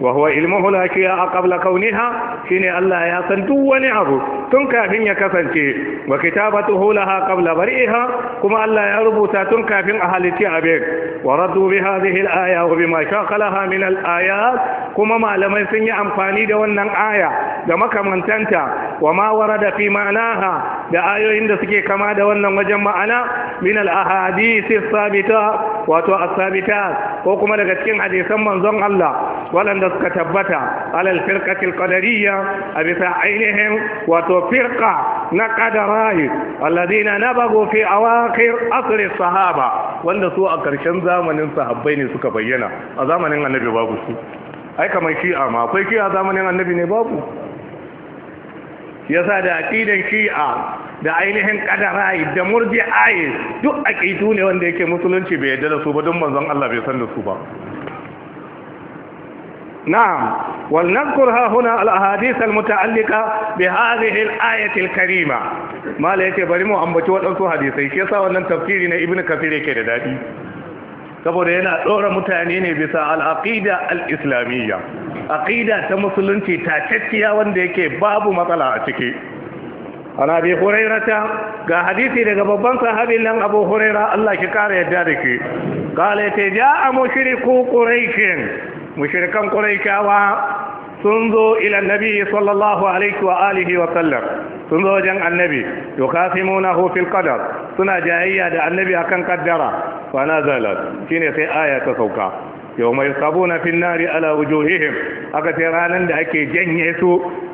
وهو علمه الأشياء قبل كونها شين الله يا سنتو ونعبو تنكا فين يكسنتي وكتابته لها قبل برئها كما الله يربو تنكا فين أهلتي أبيك وردوا بهذه الآية وبما شاق لها من الآية ayat kuma malamai sun yi amfani da wannan aya da makamantanta wa ma warada fi ma'anaha da ayoyin da suke kama da wannan wajen ma'ana min al ahadith sabita wato asabita ko kuma daga cikin hadisan manzon Allah waɗanda suka tabbata alal firqatil qadariyya a bisa ainihin wato firqa na qadarai alladina nabagu fi awaqir asalin sahaba wanda su a ƙarshen zamanin sahabbai ne suka bayyana a zamanin annabi babu su ai kamar shi'a ma akwai shi'a zamanin annabi ne babu yasa da aqidan shi'a da ainihin kadara'i da murji'ai duk aqidu ne wanda yake musulunci bai yadda da su ba don manzon Allah bai san da su ba نعم ولنذكر ها هنا الاحاديث المتعلقه بهذه الايه الكريمه Karima. لا yake bari mu ambaci wadansu hadisai shi yasa wannan tafsiri na ibnu kafir yake da dadi saboda yana dora mutane ne bisa al-aqida al-islamiyya aqida ta musulunci ta tacciya wanda yake babu matsala a ciki ana bi hurairata ga hadisi daga babban sahabin abu huraira Allah ki kare yadda da ke kale te a mushriku quraishin mushrikan quraishawa sun zo ila nabi sallallahu alaihi wa alihi wa sallam sun zo wajen annabi to kasimuna hu fil suna jayayya da annabi akan kaddara fa nazalat shine sai aya ta sauka yau mai sabona finnari ala wujuhihim aka ce ranar da ake janye su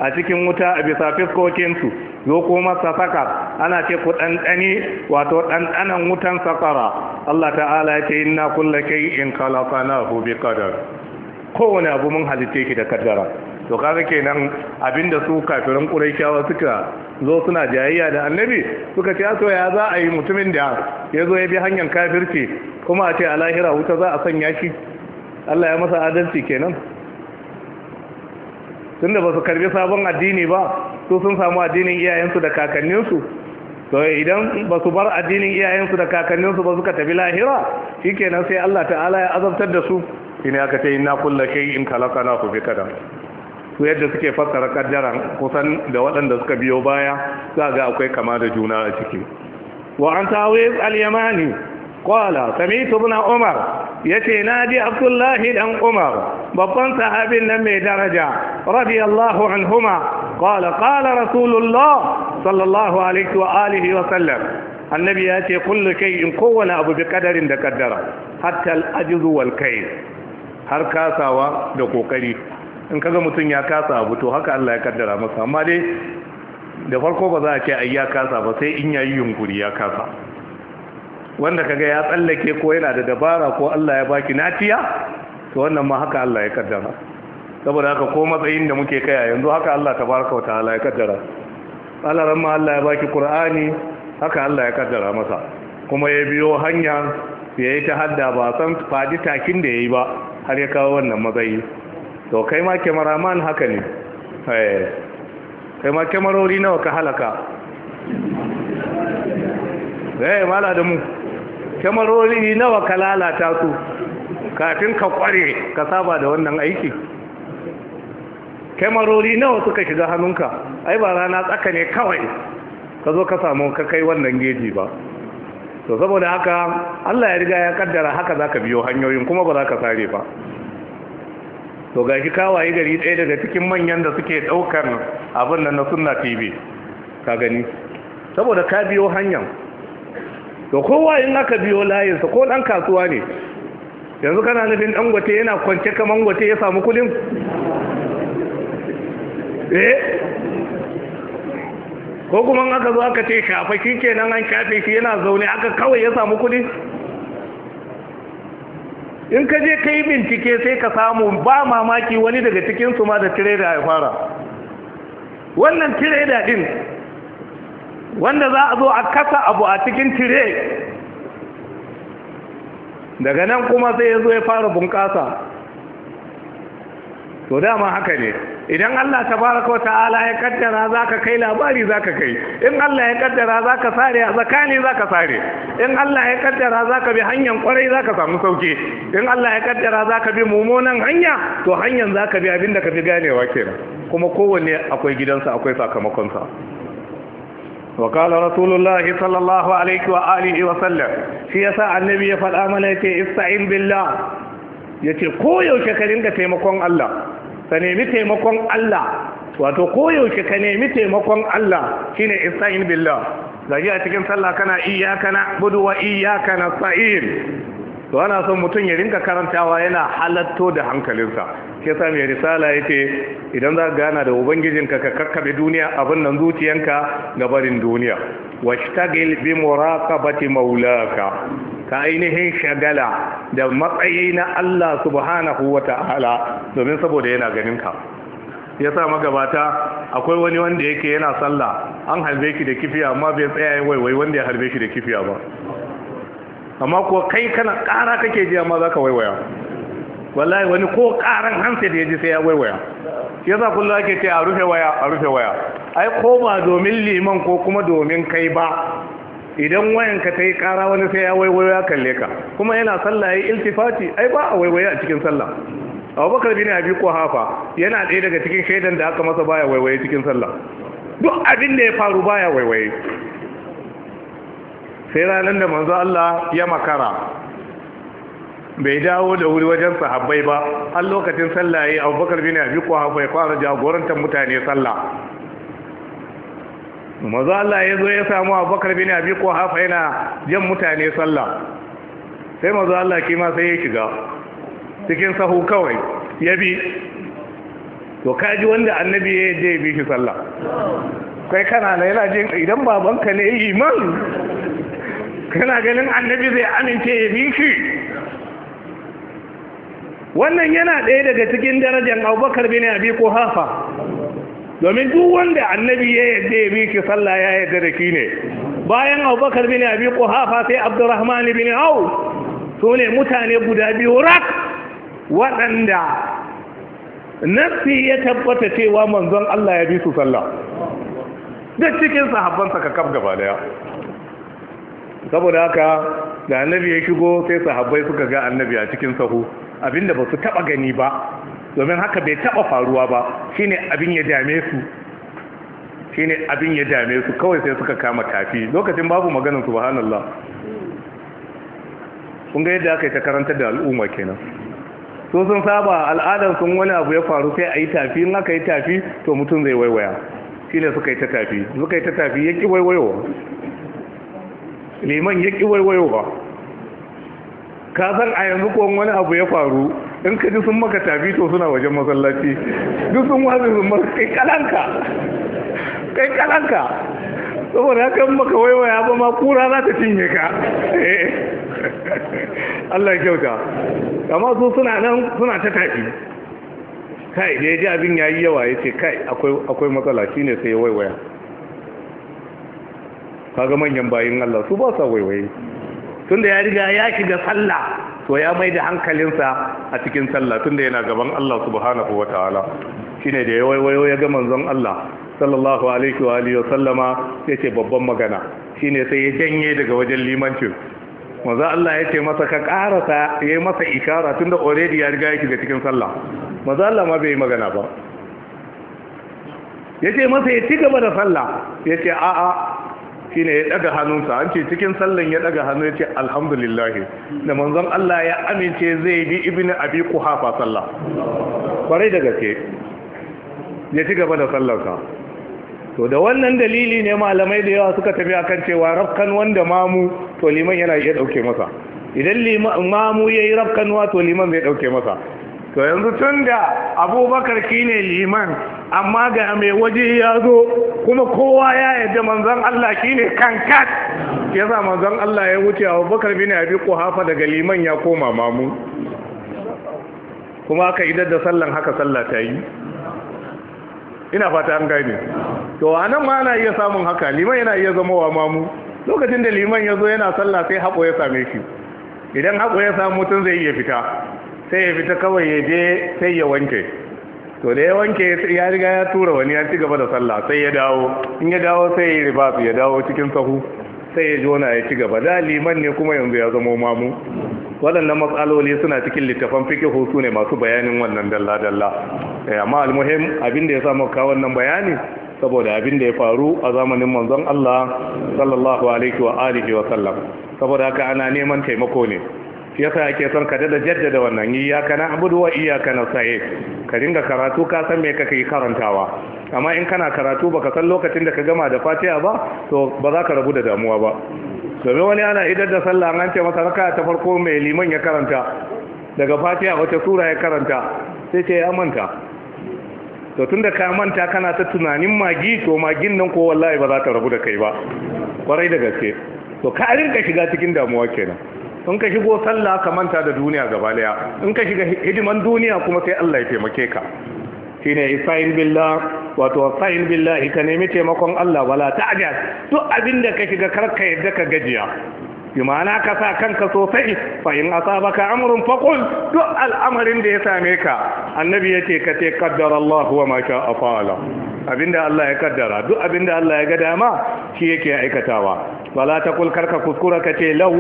a cikin wuta a bisa fiskokinsu yau kuma safaka ana ce ku ɗanɗani wato ɗanɗanan wutan safara Allah ta'ala ya ce inna kulla shay'in khalaqnahu bi kadar kowane abu mun halitta ki da kaddara to kaga kenan abinda su kafirin quraishawa suka zo suna jayayya da annabi suka ce so ya za a yi mutumin da ya zo ya bi hanyar kafirci kuma a ce a lahira wuta za a sanya shi Allah ya masa adalci kenan tunda ba su karbi sabon addini ba su sun samu addinin iyayensu da kakanninsu to idan ba su bar addinin iyayensu da kakanninsu ba suka tafi lahira shi kenan sai Allah ta'ala ya azabtar da su ne aka ce inna in shay'in ku fi qadar su yadda suke fassara kaddara kusan da waɗanda suka biyo baya za ga akwai kama da juna a ciki wa an tawiz al-yamani qala sami'tu ibn umar yace ji abdullahi dan umar babban sahabin nan mai daraja radiyallahu anhuma qala qala rasulullah sallallahu alaihi wa alihi wa sallam annabi ya ce kullu in kowane abu bi kadarin da kaddara hatta al-ajzu wal har kasawa da kokari in kaga mutum ya kasa abu to haka Allah ya kaddara masa amma dai da farko ba za a ce ai ya kasa ba sai in yayi yunkuri ya kasa wanda kaga ya tsallake ko yana da dabara ko Allah ya baki natiya to wannan ma haka Allah ya kaddara saboda haka ko matsayin da muke kai yanzu haka Allah tabaraka wa ta'ala ya kaddara Allah ramma Allah ya baki Qur'ani haka Allah ya kaddara masa kuma ya biyo hanya ya yi ta hadda ba san fadi takin da ya yi ba har ya kawo wannan matsayi to kai ma kyamaraman haka ne eh, kai ma kyamarori nawa ka halaka eh mala da mu kyamarori nawa ka lalata su kafin ka kware ka saba da wannan aiki kyamarori nawa suka shiga hannunka ai ba rana tsaka ne kawai ka zo ka samu ka kai wannan geji ba to saboda haka Allah ya riga ya kaddara haka za ka biyo hanyoyin kuma ba za ka sare ba to ga shi kawaye gari ɗaya daga cikin manyan da suke ɗaukar abin nan na sunna tv ka gani saboda ka biyo hanyan. to kowa in aka biyo layinsa ko ɗan kasuwa ne yanzu kana nufin ɗan gwate yana kwance kaman gwate ya samu kudin eh ko kuma in aka zo aka ce shafa shi ke nan an shafe shi yana zaune aka kawai ya samu kudi in ka je ka yi bincike sai ka samu ba mamaki wani daga cikinsu ma da da ya fara wannan da din wanda za a zo a kasa abu a cikin tire daga nan kuma sai ya zo ya fara bunƙasa to dama haka ne idan Allah ta wa ta'ala ya kaddara za ka kai labari za ka kai in Allah ya kaddara za ka sare a zakani ka sare in Allah ya kaddara za ka bi hanyar kwarai za ka samu sauke in Allah ya kaddara za ka bi mummunan hanya to hanyar ka bi abinda ka fi ganewa kenan kuma kowanne akwai gidansa akwai sakamakonsa wa qala rasulullahi sallallahu alaihi wa alihi wa sallam shi yasa annabi ya faɗa mana yace ista'in billah yace koyaushe ka ringa taimakon Allah ka nemi taimakon Allah wato koyaushe ka nemi taimakon Allah shine ista'in billah gaji a cikin sallah kana iyyaka na'budu wa to ana son mutum ya rinka karantawa yana halatto da hankalinsa ke sa mai risala ya ce idan za gana da ubangijinka ka kakkabe duniya abin nan zuciyanka ga barin duniya washtagil bi muraqabati maulaka ka ainihin shagala da matsayi na Allah subhanahu wa ta'ala domin saboda yana ganin ka ya sa magabata akwai wani wanda yake yana sallah an harbe shi da kifiya amma bai tsaya waiwai wanda ya harbe shi da kifiya ba amma ko kai kana ƙara kake ji amma za ka waiwaya wallahi wani ko ƙaran hansa da ya ji sai ya waiwaya shi yasa kullum ake ce a rufe waya a rufe waya ai ko ba domin liman ko kuma domin kai ba idan wayan ka tayi ƙara wani sai ya waiwaya kalle ka kuma yana sallah ya iltifati ai ba a waiwaya a cikin sallah abubakar bin abi hafa yana ɗaya daga cikin shaidan da aka masa baya waiwaye cikin sallah duk abin da ya faru baya waiwaye sai ranar da manzo Allah ya makara bai dawo da wuri wajen sahabbai ba har lokacin sallah yayi Abubakar bin Abi Quhafa ya fara jagorantar mutane sallah manzo Allah ya zo ya samu Abubakar bin Abi Quhafa yana jan mutane sallah sai manzo Allah kima sai ya shiga cikin sahu kawai ya bi to kaji wanda annabi ya je bi shi sallah kai kana na yana jin idan babanka ne iman kana ganin annabi zai amince ya bi shi wannan yana ɗaya daga cikin darajar abubakar bin abi hafa domin duk wanda annabi ya yadda ya bi shi sallah ya yadda da ne bayan abubakar bin abi hafa sai abdurrahman bin au su ne mutane guda biyu rak waɗanda nassi ya tabbata cewa manzon Allah ya bi su sallah duk cikin sahabbansa ka kaf gaba daya saboda haka da annabi ya shigo sai sahabbai suka ga annabi a cikin sahu abinda ba su taba gani ba domin haka bai taba faruwa ba shine abin ya dame su shine abin ya dame su kawai sai suka kama tafi lokacin babu maganar subhanallah kun ga yadda aka yi ta karanta da al'umma kenan so sun saba al'adar sun wani abu ya faru sai a yi tafi in aka yi tafi to mutum zai waiwaya shine suka yi ta tafi suka yi ta tafi ya ki waiwayowa liman ya ƙi waiwayowa ka san a yanzu kowon wani abu ya faru in ka ji sun maka tafi to suna wajen masallaci duk sun wazi sun maka kai kalanka kai kalanka saboda haka in maka waiwaya ba ma kura za ta cinye ka eh. Allah ya kyauta amma su suna nan suna ta tafi kai da ya ji abin yayi yawa ya ce kai akwai matsala shine sai ya waiwaya kaga manyan bayin Allah su ba sa waiwaye tunda ya riga ya shiga sallah to ya mai da hankalinsa a cikin sallah tunda yana gaban Allah subhanahu ta'ala shine da ya waiwayo ya ga manzon Allah sallallahu alaihi wa alihi sallama yace babban magana shine sai ya janye daga wajen limancin manzo Allah yace masa ka karasa yayi masa ishara tunda already ya riga ya shiga cikin sallah manzo Allah ma bai yi magana ba ya ce masa ya ci gaba da sallah ya ce a'a shine ya ɗaga hannunsa an ce cikin sallan ya daga hannu ya ce alhamdulillah da manzon Allah ya amince zai bi ibnu abi quhafa sallah kwarai da gaske ya ci gaba da sallarsa to da wannan dalili ne malamai da yawa suka tafi akan cewa rafkan wanda mamu to liman yana iya dauke masa idan mamu yayi rafkanwa to liman zai ɗauke masa to yanzu tun da abubakar ki ne liman amma ga mai waje ya zo kuma kowa ya yadda manzan Allah ki ne kankat ya za manzan Allah ya wuce abubakar bin abi hafa daga liman ya koma mamu kuma aka idar da sallan haka sallah ta yi ina fata an gane to a nan ma ana iya samun haka liman yana iya zama wa mamu lokacin da liman ya zo yana sallah sai haƙo ya same shi idan haƙo ya samu mutum zai iya fita sai ya fita kawai ya je sai ya wanke to da ya wanke ya riga ya tura wani ya ci gaba da sallah sai ya dawo in ya dawo sai ya riba su ya dawo cikin sahu sai ya jona ya ci gaba da liman ne kuma yanzu ya zama mamu waɗannan matsaloli suna cikin littafan fikihu hutu ne masu bayanin wannan dalla-dalla eh, amma almuhim abin da ya samu kawo wannan bayani saboda abin da ya faru a zamanin manzon Allah sallallahu alaihi wa alihi wa sallam saboda haka ana neman taimako ne shi yasa ake son ka da jaddada wannan ya kana abudu wa iya kana saye ka dinga karatu ka san me kake karantawa amma in kana karatu baka san lokacin da ka gama da fatiha ba to ba za ka rabu da damuwa ba domin wani ana idar da sallah an ce masa raka ta farko mai liman ya karanta daga fatiha wata sura ya karanta sai ce ya manta to tunda ka manta kana ta tunanin magi to magin nan ko wallahi ba za ta rabu da kai ba kwarai da gaske to ka rinka shiga cikin damuwa kenan in ka shigo sallah ka manta da duniya gaba daya in ka shiga hidiman duniya kuma sai Allah ya taimake ka shine isa'in billah wato sa'in billah ka nemi taimakon Allah wala ta'jaz duk abinda ka shiga karka yadda ka gajiya bi ma'ana ka sa kanka sosai fa in ka amrun faqul duk al'amarin da ya same ka annabi yace ka ce qaddara wa ma sha'a fa'ala abinda Allah ya kaddara duk abinda Allah ya ga dama shi yake aikatawa wala taqul karka kuskura kace law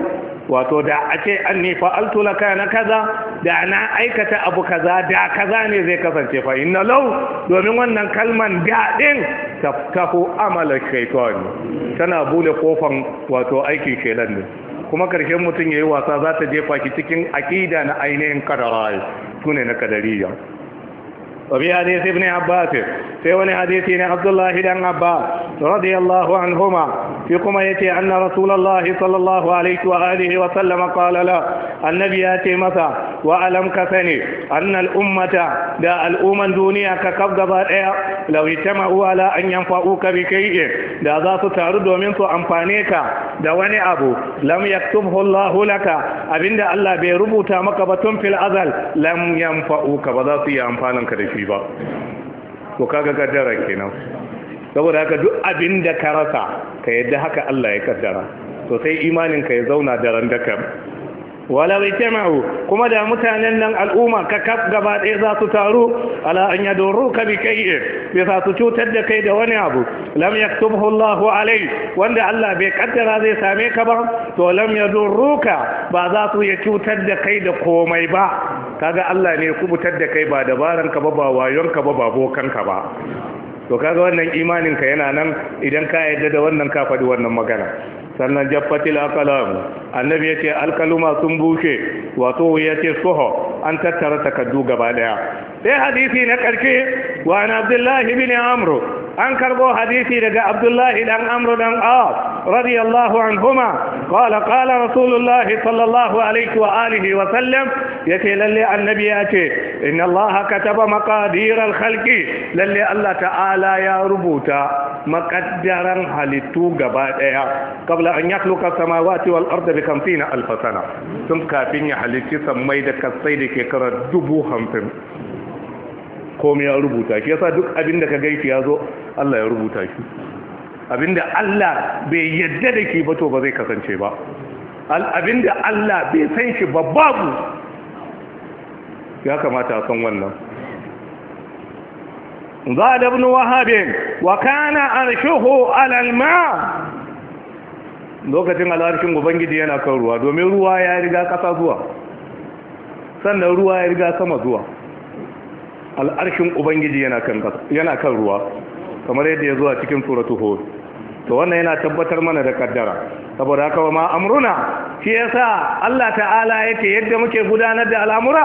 wato da a ce an ne fa'altu laka na kaza da na aikata abu kaza da kaza ne zai kasance fa inna lau domin wannan kalman da din taftahu amala shaitan tana bude kofan wato aikin shelan ne kuma karshen mutum ya yi wasa za ta jefa ki cikin aƙida na ainihin kadarai su ne na kadariyar wa bi hadith ibn abbas sai wani hadisi ne abdullahi dan abba radiyallahu anhuma fi kuma yace anna rasulullahi sallallahu alaihi wa alihi wa sallam qala la annabi yace masa wa alam ka sani anna ummata da al duniya ka kaf gaba daya law itama'u ala an yanfa'uka bi kai'in da za su taru domin su amfane ka da wani abu lam yaktubhu Allahu abinda Allah bai rubuta maka ba tun fil azal lam yanfa'uka ba za su shi su ga ba to kaga kaddara kenan saboda haka duk abin da ka rasa ka yadda haka Allah ya kaddara to sai imanin ka ya zauna daren dakar wala bai kuma da mutanen nan al'umma ka kaf gaba ɗaya za su taru ala an ya doro ka bi kai bi za su cutar da kai da wani abu lam yaktubhu Allah alai wanda Allah bai kaddara zai same ka ba to lam ya ka ba za su ya cutar da kai da komai ba kaga Allah ne kubutar da kai ba dabaran ka ba ba wayon ka ba ba bokan ka ba to kaga wannan imanin ka yana nan idan ka yarda da wannan ka faɗi wannan magana sannan jaffatil akalam annabi yace alkaluma sun bushe wato ce suho an tattara takaddu gaba daya sai hadisi na karshe wa an abdullahi ibn amr an karbo hadisi daga abdullahi dan amr dan as radiyallahu anhuma qala qala rasulullahi sallallahu alaihi wa alihi wa sallam yace lalle annabi yace inna allaha kataba maqadir al-khalqi lalle allah ta'ala ya rubuta makaddaran halittu gaba daya kabla an kuka samawati wal arda bi na alf sana tun kafin ya halitti sammai da kasai da ke dubu hamsin komai ya rubuta shi yasa duk abin da ka gaifi ya zo Allah ya rubuta shi abinda Allah bai yadda da ke ba to ba zai kasance ba abinda Allah bai san shi ba babu ya kamata a san wannan زاد ابن وهب وكان عرشه على الماء lokacin alharshin ubangiji yana kan ruwa domin ruwa ya riga kasa zuwa sannan ruwa ya riga sama zuwa al'arshin ubangiji yana kan ruwa kamar yadda ya zuwa cikin suratu hud to wannan yana tabbatar mana da kaddara saboda haka ma amruna shi yasa Allah ta'ala yake yadda muke gudanar da al'amura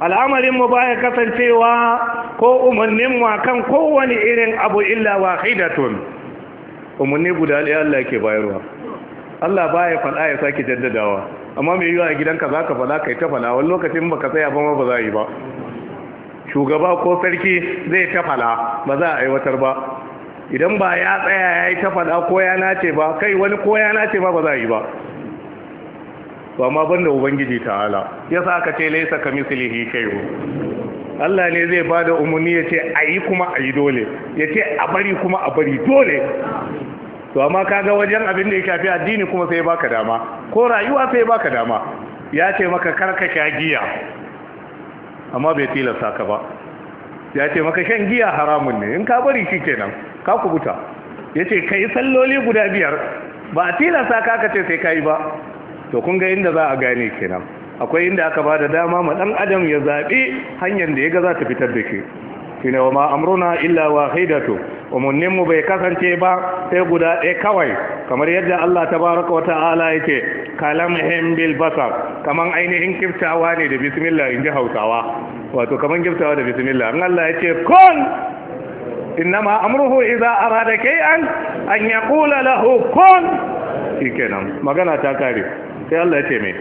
al'amarin mu baya kasancewa ko umarninmu a kan kowane irin abu illa wahidatun umarni guda ɗaya Allah ke bayarwa Allah baya faɗa ya sake jaddadawa amma mai yiwa a gidanka za ka faɗa kai ta faɗa wani lokacin ba ka tsaya ba ma ba za a yi ba shugaba ko sarki zai ta faɗa ba za a aiwatar ba idan ba ya tsaya ya yi ta faɗa ko ya nace ba kai wani ko ya nace ba ba za a yi ba to amma banda ubangiji ta'ala yasa aka ce laisa kamislihi shay'u Allah ne zai ba da umarni ya ce a yi kuma a yi dole ya ce a bari kuma a bari dole to amma kaga wajen abin da ya shafi addini kuma sai baka dama ko rayuwa sai baka dama ya ce maka karka sha giya amma bai tilasta ka ba ya ce maka shan giya haramun ne in ka bari shi kenan ka kubuta ya ce ka yi salloli guda biyar ba a tilasta ka ka ce sai ka yi ba to kun ga inda za a gane kenan akwai inda aka ba da dama ma dan adam ya zaɓi hanyar da ya ga za ta fitar da ke. shi wa ma amruna illa wa haidatu umarninmu bai kasance ba sai guda ɗaya kawai kamar yadda Allah ta baraka wa ta'ala ya ce him bil basar kaman ainihin kiftawa ne da bismillah in ji hausawa wato kaman kiftawa da bismillah in Allah ya ce kun innama amruhu idza arada kay'an an yaqula lahu kun shikenan magana ta kare sai Allah ya ce mai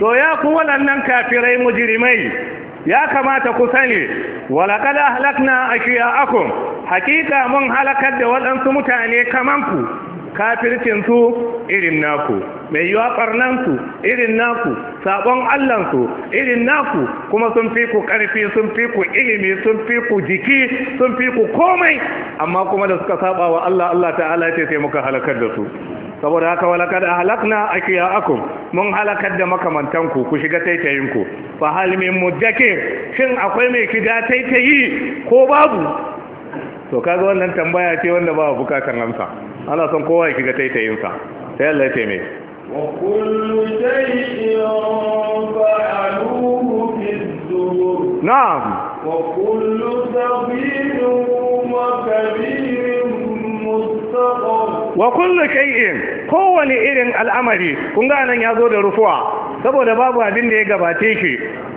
to ya ku waɗannan kafirai mujirimai ya kamata ku sani walaqad ahlakna ashiya'akum hakika mun halakar da waɗansu mutane kaman ku kafircinsu irin naku mai yiwa ɓarnansu irin naku sabon allansu irin naku kuma sun fi ku ƙarfi sun fi ku ilimi sun fi ku jiki sun fi ku komai amma kuma da suka saba wa Allah Allah ta'ala ce sai muka halakar da su saboda haka walakad a aku mun halakar da makamantanku ku shiga taitayinku fa hal min jake shin akwai mai kiga taitayi ko babu to kaga wannan tambaya ce wanda ba bukatan amsa ana son kowa ya shiga taitayinsa sai Allah ya ce mai wa kullu shay'in fa'aluhu fi dhuhur na'am wa kullu sabirin wa kabirin mustaqbal wa kullu shay'in kowane irin al'amari kun ga nan ya zo da rufuwa saboda babu abin da ya gabace shi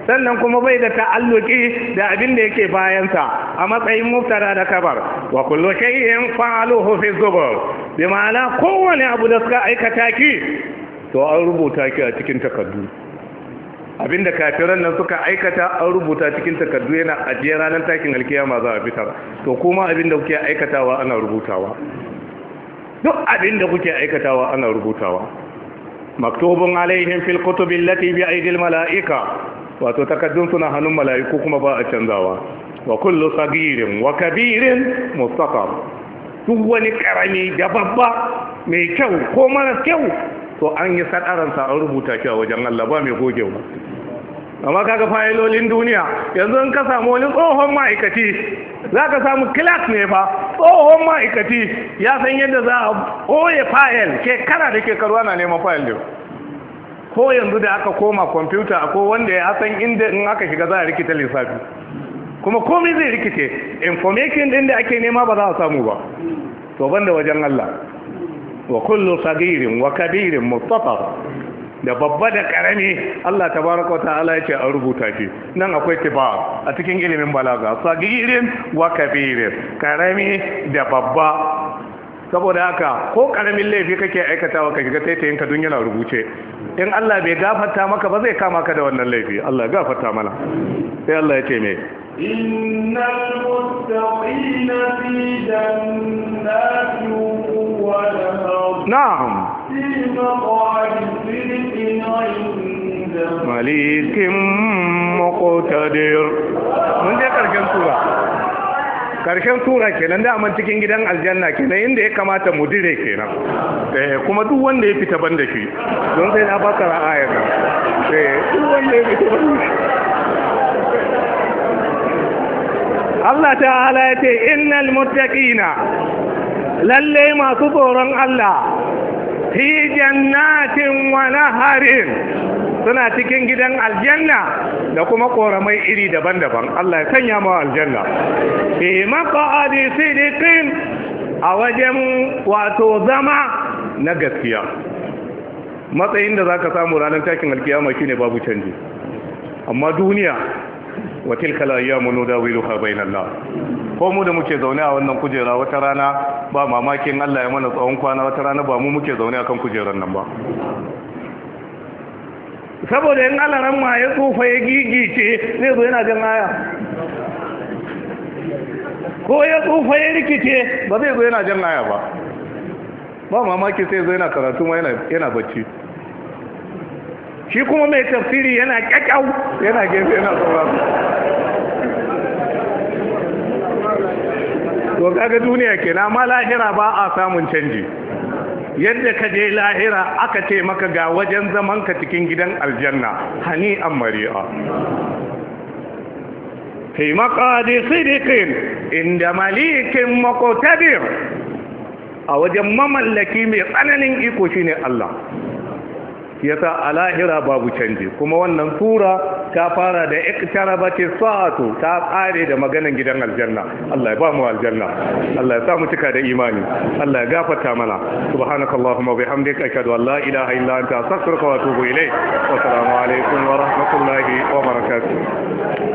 sannan kuma bai da ta'alluki da abin da yake bayansa a matsayin muftara da kabar wa kullu shay'in fa'aluhu fi zubur bi ma'ana kowani abu da suka aikata ki to an rubuta ki a cikin takardu abinda kafiran nan suka aikata an rubuta cikin takardu yana ajiye ranar takin alkiyama za a fitar to kuma abinda kuke aikatawa ana rubutawa duk abin da kuke aikatawa ana rubutawa maktubun alaihim fil kutubi lati bi aidil malaika wato takaddun suna hannun malaiku kuma ba a canzawa wa kullu sagirin wa kabirin mustaqar duk wani karami da babba mai kyau ko mara kyau to an yi sadaransa an rubuta kyau wajen Allah ba mai gogewa amma kaga fayilolin duniya yanzu in ka samu wani tsohon ma'aikaci za ka samu kilas ne fa tsohon ma'aikaci ya san yadda za a ɓoye ke kara da ke karuwa na neman fayil da ko yanzu da aka koma kwamfuta ko wanda ya san inda in aka shiga za a rikita lissafi kuma komai zai rikice information din da ake nema ba za a samu ba to banda wajen Allah wa kullu sagirin wa kabirin mustafa da babba da karami Allah tabaraka wa ta'ala ya ce an rubuta shi nan akwai tiba a cikin ilimin balaga sagirin wa kabirin karami da babba saboda haka ko karamin laifi kake aikatawa ka shiga taitayin ka dun yana rubuce in Allah bai gafarta maka ba zai kama ka da wannan laifi Allah ya gafarta mana sai Allah ya ce me innal muttaqina fi jannatin wa na'am malikin muqtadir mun je karkin sura karshen tura kenan daman cikin gidan aljanna kenan inda ya kamata mu dire kenan eh kuma duk wanda ya fita ban da shi don sai na baka ra'a nan eh duk wanda ya fita ban da shi Allah ta'ala ya ce innal muttaqina lalle masu tsoron Allah fi jannatin wa naharin suna cikin gidan aljanna da kuma koramai iri daban-daban Allah ya sanya mu aljanna fi eh, maqadi sidiqin a wajen wato zama na gaskiya matsayin da zaka samu ranar takin alkiyama shine babu canji amma duniya wa tilka ayyamu nudawiluha bainan ko mu da muke zaune a wannan kujera wata rana ba mamakin Allah ya mana tsawon kwana wata rana ba mu muke zaune akan kujerar nan ba saboda in alaran ma ya tsofa ya gigice zai zo yana jin aya ko ya tsofa ya rikice ba zai zo yana jin aya ba ba mamaki sai zo yana karatu ma yana bacci shi kuma mai tafsiri yana kyakkyau yana gefe yana sauraro to kaga duniya kenan ma lahira ba a samun canji yadda ka je lahira aka ce maka ga wajen zaman ka cikin gidan aljanna hani an mari'a fi maqadi sidikin inda malikin makotabir a wajen mamallaki mai tsananin iko shine Allah yasa alahira babu canji kuma wannan sura ta fara da iktarabati sa'atu ta kare da maganan gidan aljanna Allah ya ba mu aljanna Allah ya sa mu cika da imani Allah ya gafarta mana subhanakallahumma bihamdika ashhadu an la ilaha illa anta astaghfiruka wa atubu ilayk wa assalamu alaikum wa rahmatullahi wa barakatuh